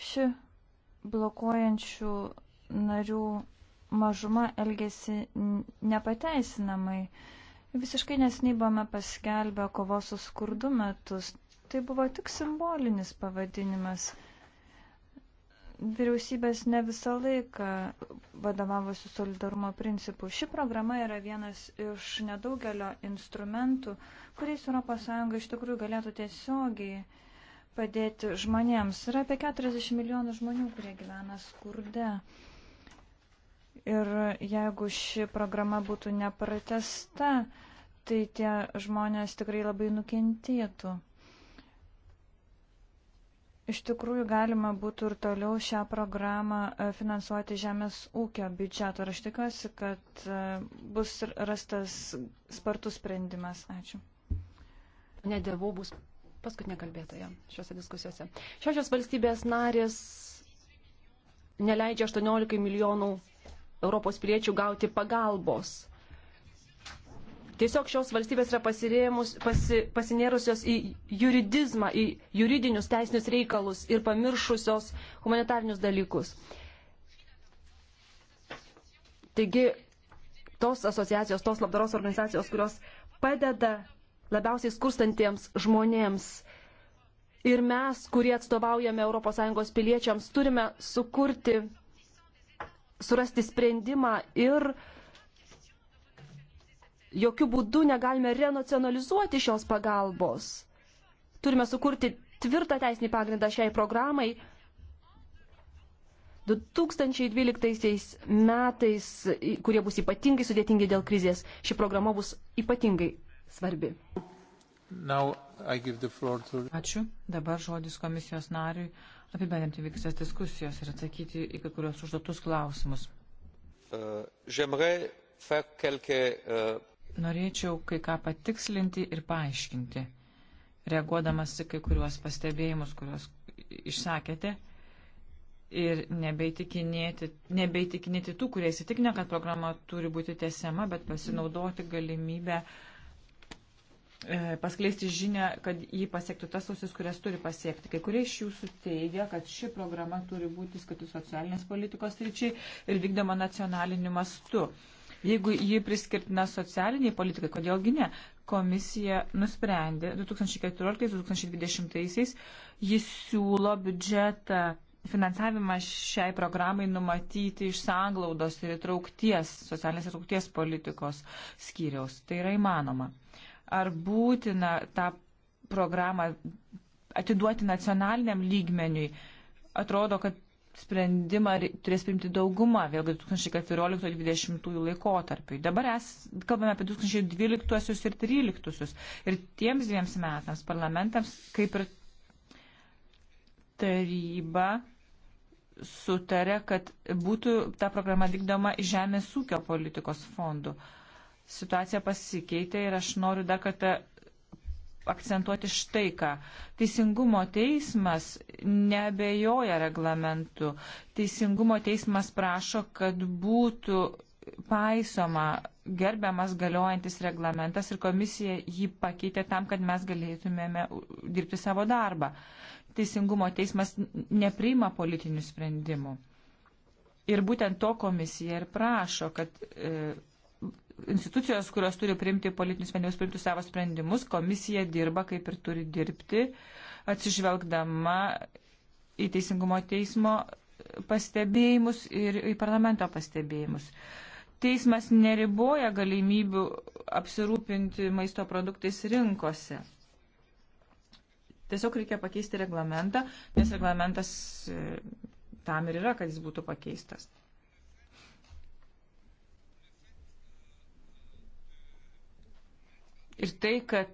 Ši blokuojančių narių mažuma elgesi nepateisinamai. Visiškai nesiniai buvome paskelbę kovos su skurdu metus. Tai buvo tik simbolinis pavadinimas. Vyriausybės ne visą laiką vadovavosi solidarumo principu. Ši programa yra vienas iš nedaugelio instrumentų, kuriais ES iš tikrųjų galėtų tiesiogiai padėti žmonėms. Yra apie 40 milijonų žmonių, kurie gyvena skurde. Ir jeigu ši programa būtų nepratesta, tai tie žmonės tikrai labai nukentėtų. Iš tikrųjų, galima būtų ir toliau šią programą e, finansuoti žemės ūkio biudžeto. Aš tikiuosi, kad e, bus rastas spartus sprendimas. Ačiū. Nedėvau bus paskutinė kalbėtoja šiuose diskusijose. Šešios valstybės narės neleidžia 18 milijonų Europos piliečių gauti pagalbos. Tiesiog šios valstybės yra pasi, pasinėrusios į juridizmą, į juridinius teisinius reikalus ir pamiršusios humanitarinius dalykus. Taigi, tos asociacijos, tos labdaros organizacijos, kurios padeda labiausiai skurstantiems žmonėms ir mes, kurie atstovaujame ES piliečiams, turime sukurti surasti sprendimą ir jokių būdų negalime renacionalizuoti šios pagalbos. Turime sukurti tvirtą teisinį pagrindą šiai programai. 2012 metais, kurie bus ypatingai sudėtingi dėl krizės, ši programa bus ypatingai svarbi. To... Ačiū. Dabar žodis komisijos nariui apibendrinti vykstas diskusijos ir atsakyti į kai kurios užduotus klausimus. Uh, uh, Norėčiau kai ką patikslinti ir paaiškinti, reaguodamas į kai kuriuos pastebėjimus, kuriuos išsakėte, ir nebeitikinėti, nebeitikinėti tų, kurie įsitikinę, kad programa turi būti tiesiama, bet pasinaudoti galimybę uh, E, paskleisti žinę, kad jį pasiektų tas ausis, kurias turi pasiekti. Kai kurie iš jūsų teigia, kad ši programa turi būti skirti socialinės politikos ryčiai ir vykdoma nacionaliniu mastu. Jeigu jį priskirtina socialiniai politikai, kodėlgi ne? Komisija nusprendė 2014-2020 jis siūlo biudžetą finansavimą šiai programai numatyti iš sanglaudos ir įtraukties, socialinės įtraukties politikos skyriaus. Tai yra įmanoma ar būtina tą programą atiduoti nacionaliniam lygmeniui. Atrodo, kad sprendimą turės priimti dauguma vėlgi 2014-2020 laikotarpiui. Dabar es, kalbame apie 2012 ir 2013. Ir tiems dviems metams parlamentams, kaip ir taryba, sutarė, kad būtų ta programa vykdoma Žemės ūkio politikos fondų. Uh, situacija pasikeitė ir aš noriu dar kartą akcentuoti štai ką. Teisingumo teismas nebejoja reglamentu. Teisingumo teismas prašo, kad būtų paisoma gerbiamas galiojantis reglamentas ir komisija jį pakeitė tam, kad mes galėtumėme dirbti savo darbą. Teisingumo teismas nepriima politinių sprendimų. Ir būtent to komisija ir prašo, kad e, institucijos, kurios turi priimti politinius sprendimus, priimtų savo sprendimus, komisija dirba kaip ir turi dirbti, atsižvelgdama į Teisingumo teismo pastebėjimus ir į parlamento pastebėjimus. Teismas neriboja galimybių apsirūpinti maisto produktais rinkose. Tiesiog reikia pakeisti reglamentą, nes reglamentas e, tam ir yra, kad jis būtų pakeistas. ir tai, kad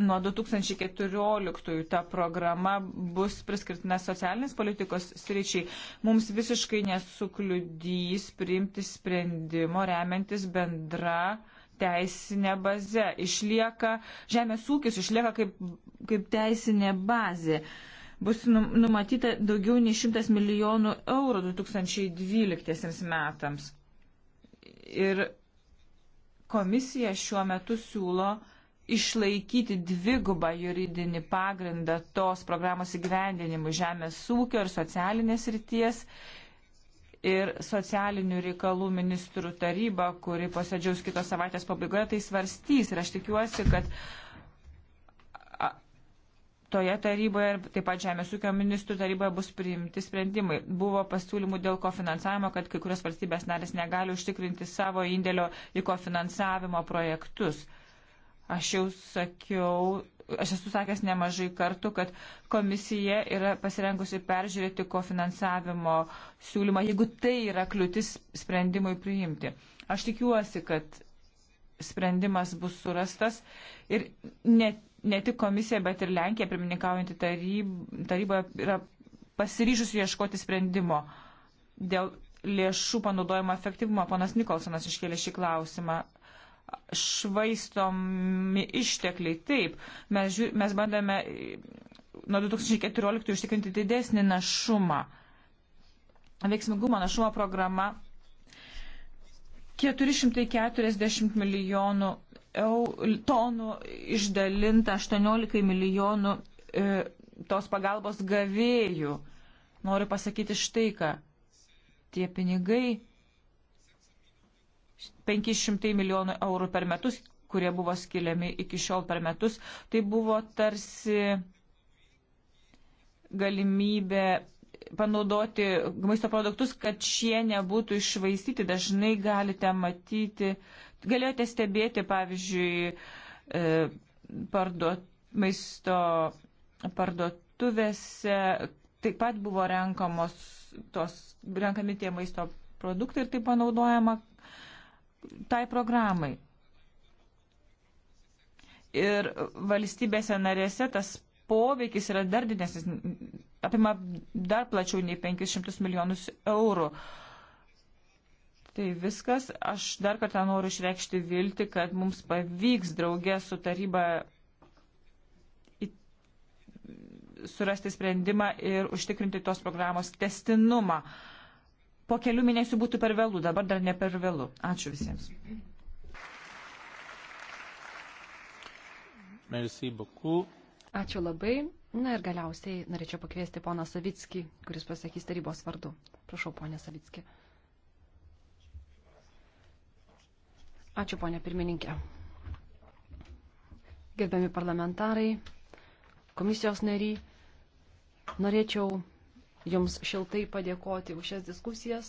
nuo 2014 ta programa bus priskirtina socialinės politikos sričiai, mums visiškai nesukliudys priimti sprendimo remiantis bendra teisinė baze. Išlieka, žemės ūkis išlieka kaip, kaip teisinė bazė. Bus numatyta daugiau nei 100 milijonų eurų 2012 metams. Ir komisija šiuo metu siūlo išlaikyti dvigubą juridinį pagrindą tos programos įgyvendinimui žemės ūkio ir socialinės ryties ir socialinių reikalų ministrų taryba, kuri posėdžiaus kitos savaitės pabaigoje, tai svarstys. Ir aš tikiuosi, kad toje taryboje ir taip pat Žemės ūkio ministrų taryboje bus priimti sprendimai. Buvo pasiūlymų dėl kofinansavimo, kad kai kurios valstybės narės negali užtikrinti savo indėlio į kofinansavimo projektus. Aš jau sakiau, aš esu sakęs nemažai kartų, kad komisija yra pasirengusi peržiūrėti kofinansavimo siūlymą, jeigu tai yra kliūtis sprendimui priimti. Aš tikiuosi, kad sprendimas bus surastas ir ne, ne tik komisija, bet ir Lenkija, pirmininkaujantį taryb, tarybą, yra pasiryžusi ieškoti sprendimo dėl lėšų panaudojimo efektyvumo. Ponas Nikolsonas iškėlė šį klausimą švaistomi ištekliai. Taip, mes, žiūr, mes bandome e, nuo 2014 užtikrinti didesnį našumą. Veiksmingumo našumo programa 440 milijonų eur, tonų išdalinta 18 milijonų e, tos pagalbos gavėjų. Noriu pasakyti štai ką. Tie pinigai 500 milijonų eurų per metus, kurie buvo skiliami iki šiol per metus, tai buvo tarsi galimybė panaudoti maisto produktus, kad šie nebūtų išvaistyti. Dažnai galite matyti, galėjote stebėti, pavyzdžiui, e, parduot, maisto parduotuvėse taip pat buvo renkamos tos, renkami tie maisto produktai ir tai panaudojama tai programai. Ir valstybėse narėse tas poveikis yra dar didesnis, apima dar plačiau nei 500 milijonus eurų. Tai viskas. Aš dar kartą noriu išreikšti vilti, kad mums pavyks draugė su taryba surasti sprendimą ir užtikrinti tos programos testinumą. Uh, po kelių mėnesių būtų per vėlų, dabar dar ne per vėlų. Ačiū visiems. Merci beaucoup. Ačiū labai. Na ir galiausiai norėčiau pakviesti poną Savitskį, kuris pasakys tarybos vardu. Prašau, ponė Savitskį. Ačiū, ponė pirmininkė. Gerbiami parlamentarai, komisijos nariai, norėčiau Jums šiltai padėkoti už šias diskusijas.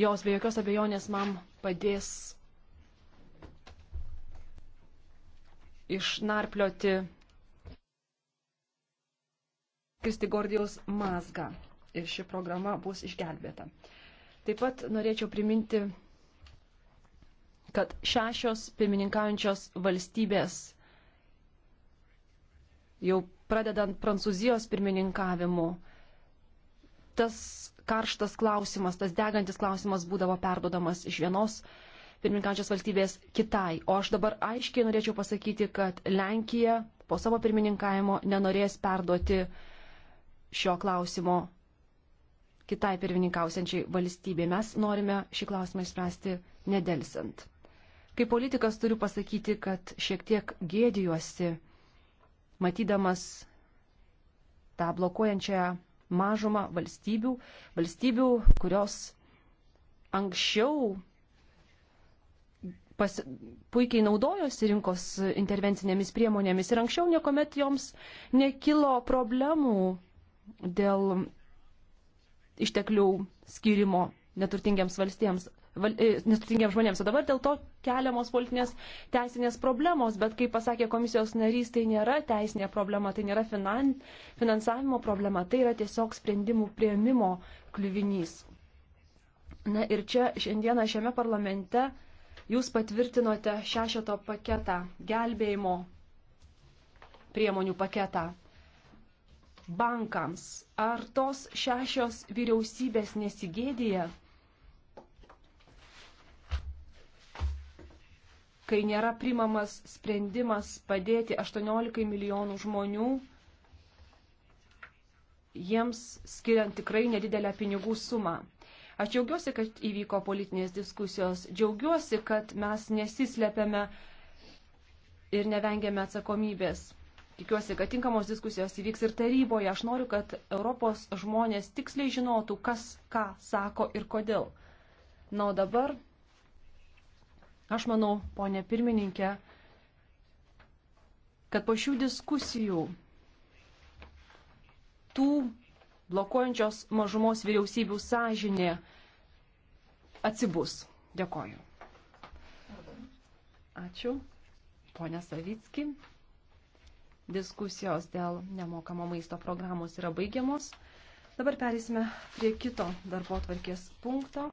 Jos be jokios abejonės man padės išnarplioti Kristi Gordijos mazgą ir ši programa bus išgelbėta. Taip pat norėčiau priminti, kad šešios pirmininkaujančios valstybės jau pradedant Prancūzijos pirmininkavimu, tas karštas klausimas, tas degantis klausimas būdavo perdodamas iš vienos pirmininkančios valstybės kitai. O aš dabar aiškiai norėčiau pasakyti, kad Lenkija po savo pirmininkavimo nenorės perduoti šio klausimo kitai pirmininkausiančiai valstybei. Mes norime šį klausimą išspręsti nedelsant. Kaip politikas turiu pasakyti, kad šiek tiek gėdijuosi matydamas tą blokuojančią mažumą valstybių, valstybių, kurios anksčiau pas, puikiai naudojosi rinkos intervencinėmis priemonėmis ir anksčiau niekuomet joms nekilo problemų dėl išteklių skirimo neturtingiams valstiems. E, neturtingiems žmonėms. O dabar dėl to keliamos politinės teisinės problemos, bet kaip pasakė komisijos narys, tai nėra teisinė problema, tai nėra finan, finansavimo problema, tai yra tiesiog sprendimų prieimimo kliuvinys. Na ir čia šiandieną šiame parlamente jūs patvirtinote šešeto paketą, gelbėjimo priemonių paketą bankams. Ar tos šešios vyriausybės nesigėdėja kai nėra primamas sprendimas padėti 18 milijonų žmonių, jiems skiriant tikrai nedidelę pinigų sumą. Aš džiaugiuosi, kad įvyko politinės diskusijos, džiaugiuosi, kad mes nesislepiame ir nevengiame atsakomybės. Tikiuosi, kad tinkamos diskusijos įvyks ir taryboje. Aš noriu, kad Europos žmonės tiksliai žinotų, kas ką sako ir kodėl. Na, o dabar Aš manau, ponė pirmininkė, kad po šių diskusijų tų blokuojančios mažumos vyriausybių sąžinė atsibus. Dėkoju. Ačiū. Pone Savicki, diskusijos dėl nemokamo maisto programos yra baigiamos. Dabar perėsime prie kito darbo tvarkės punkto.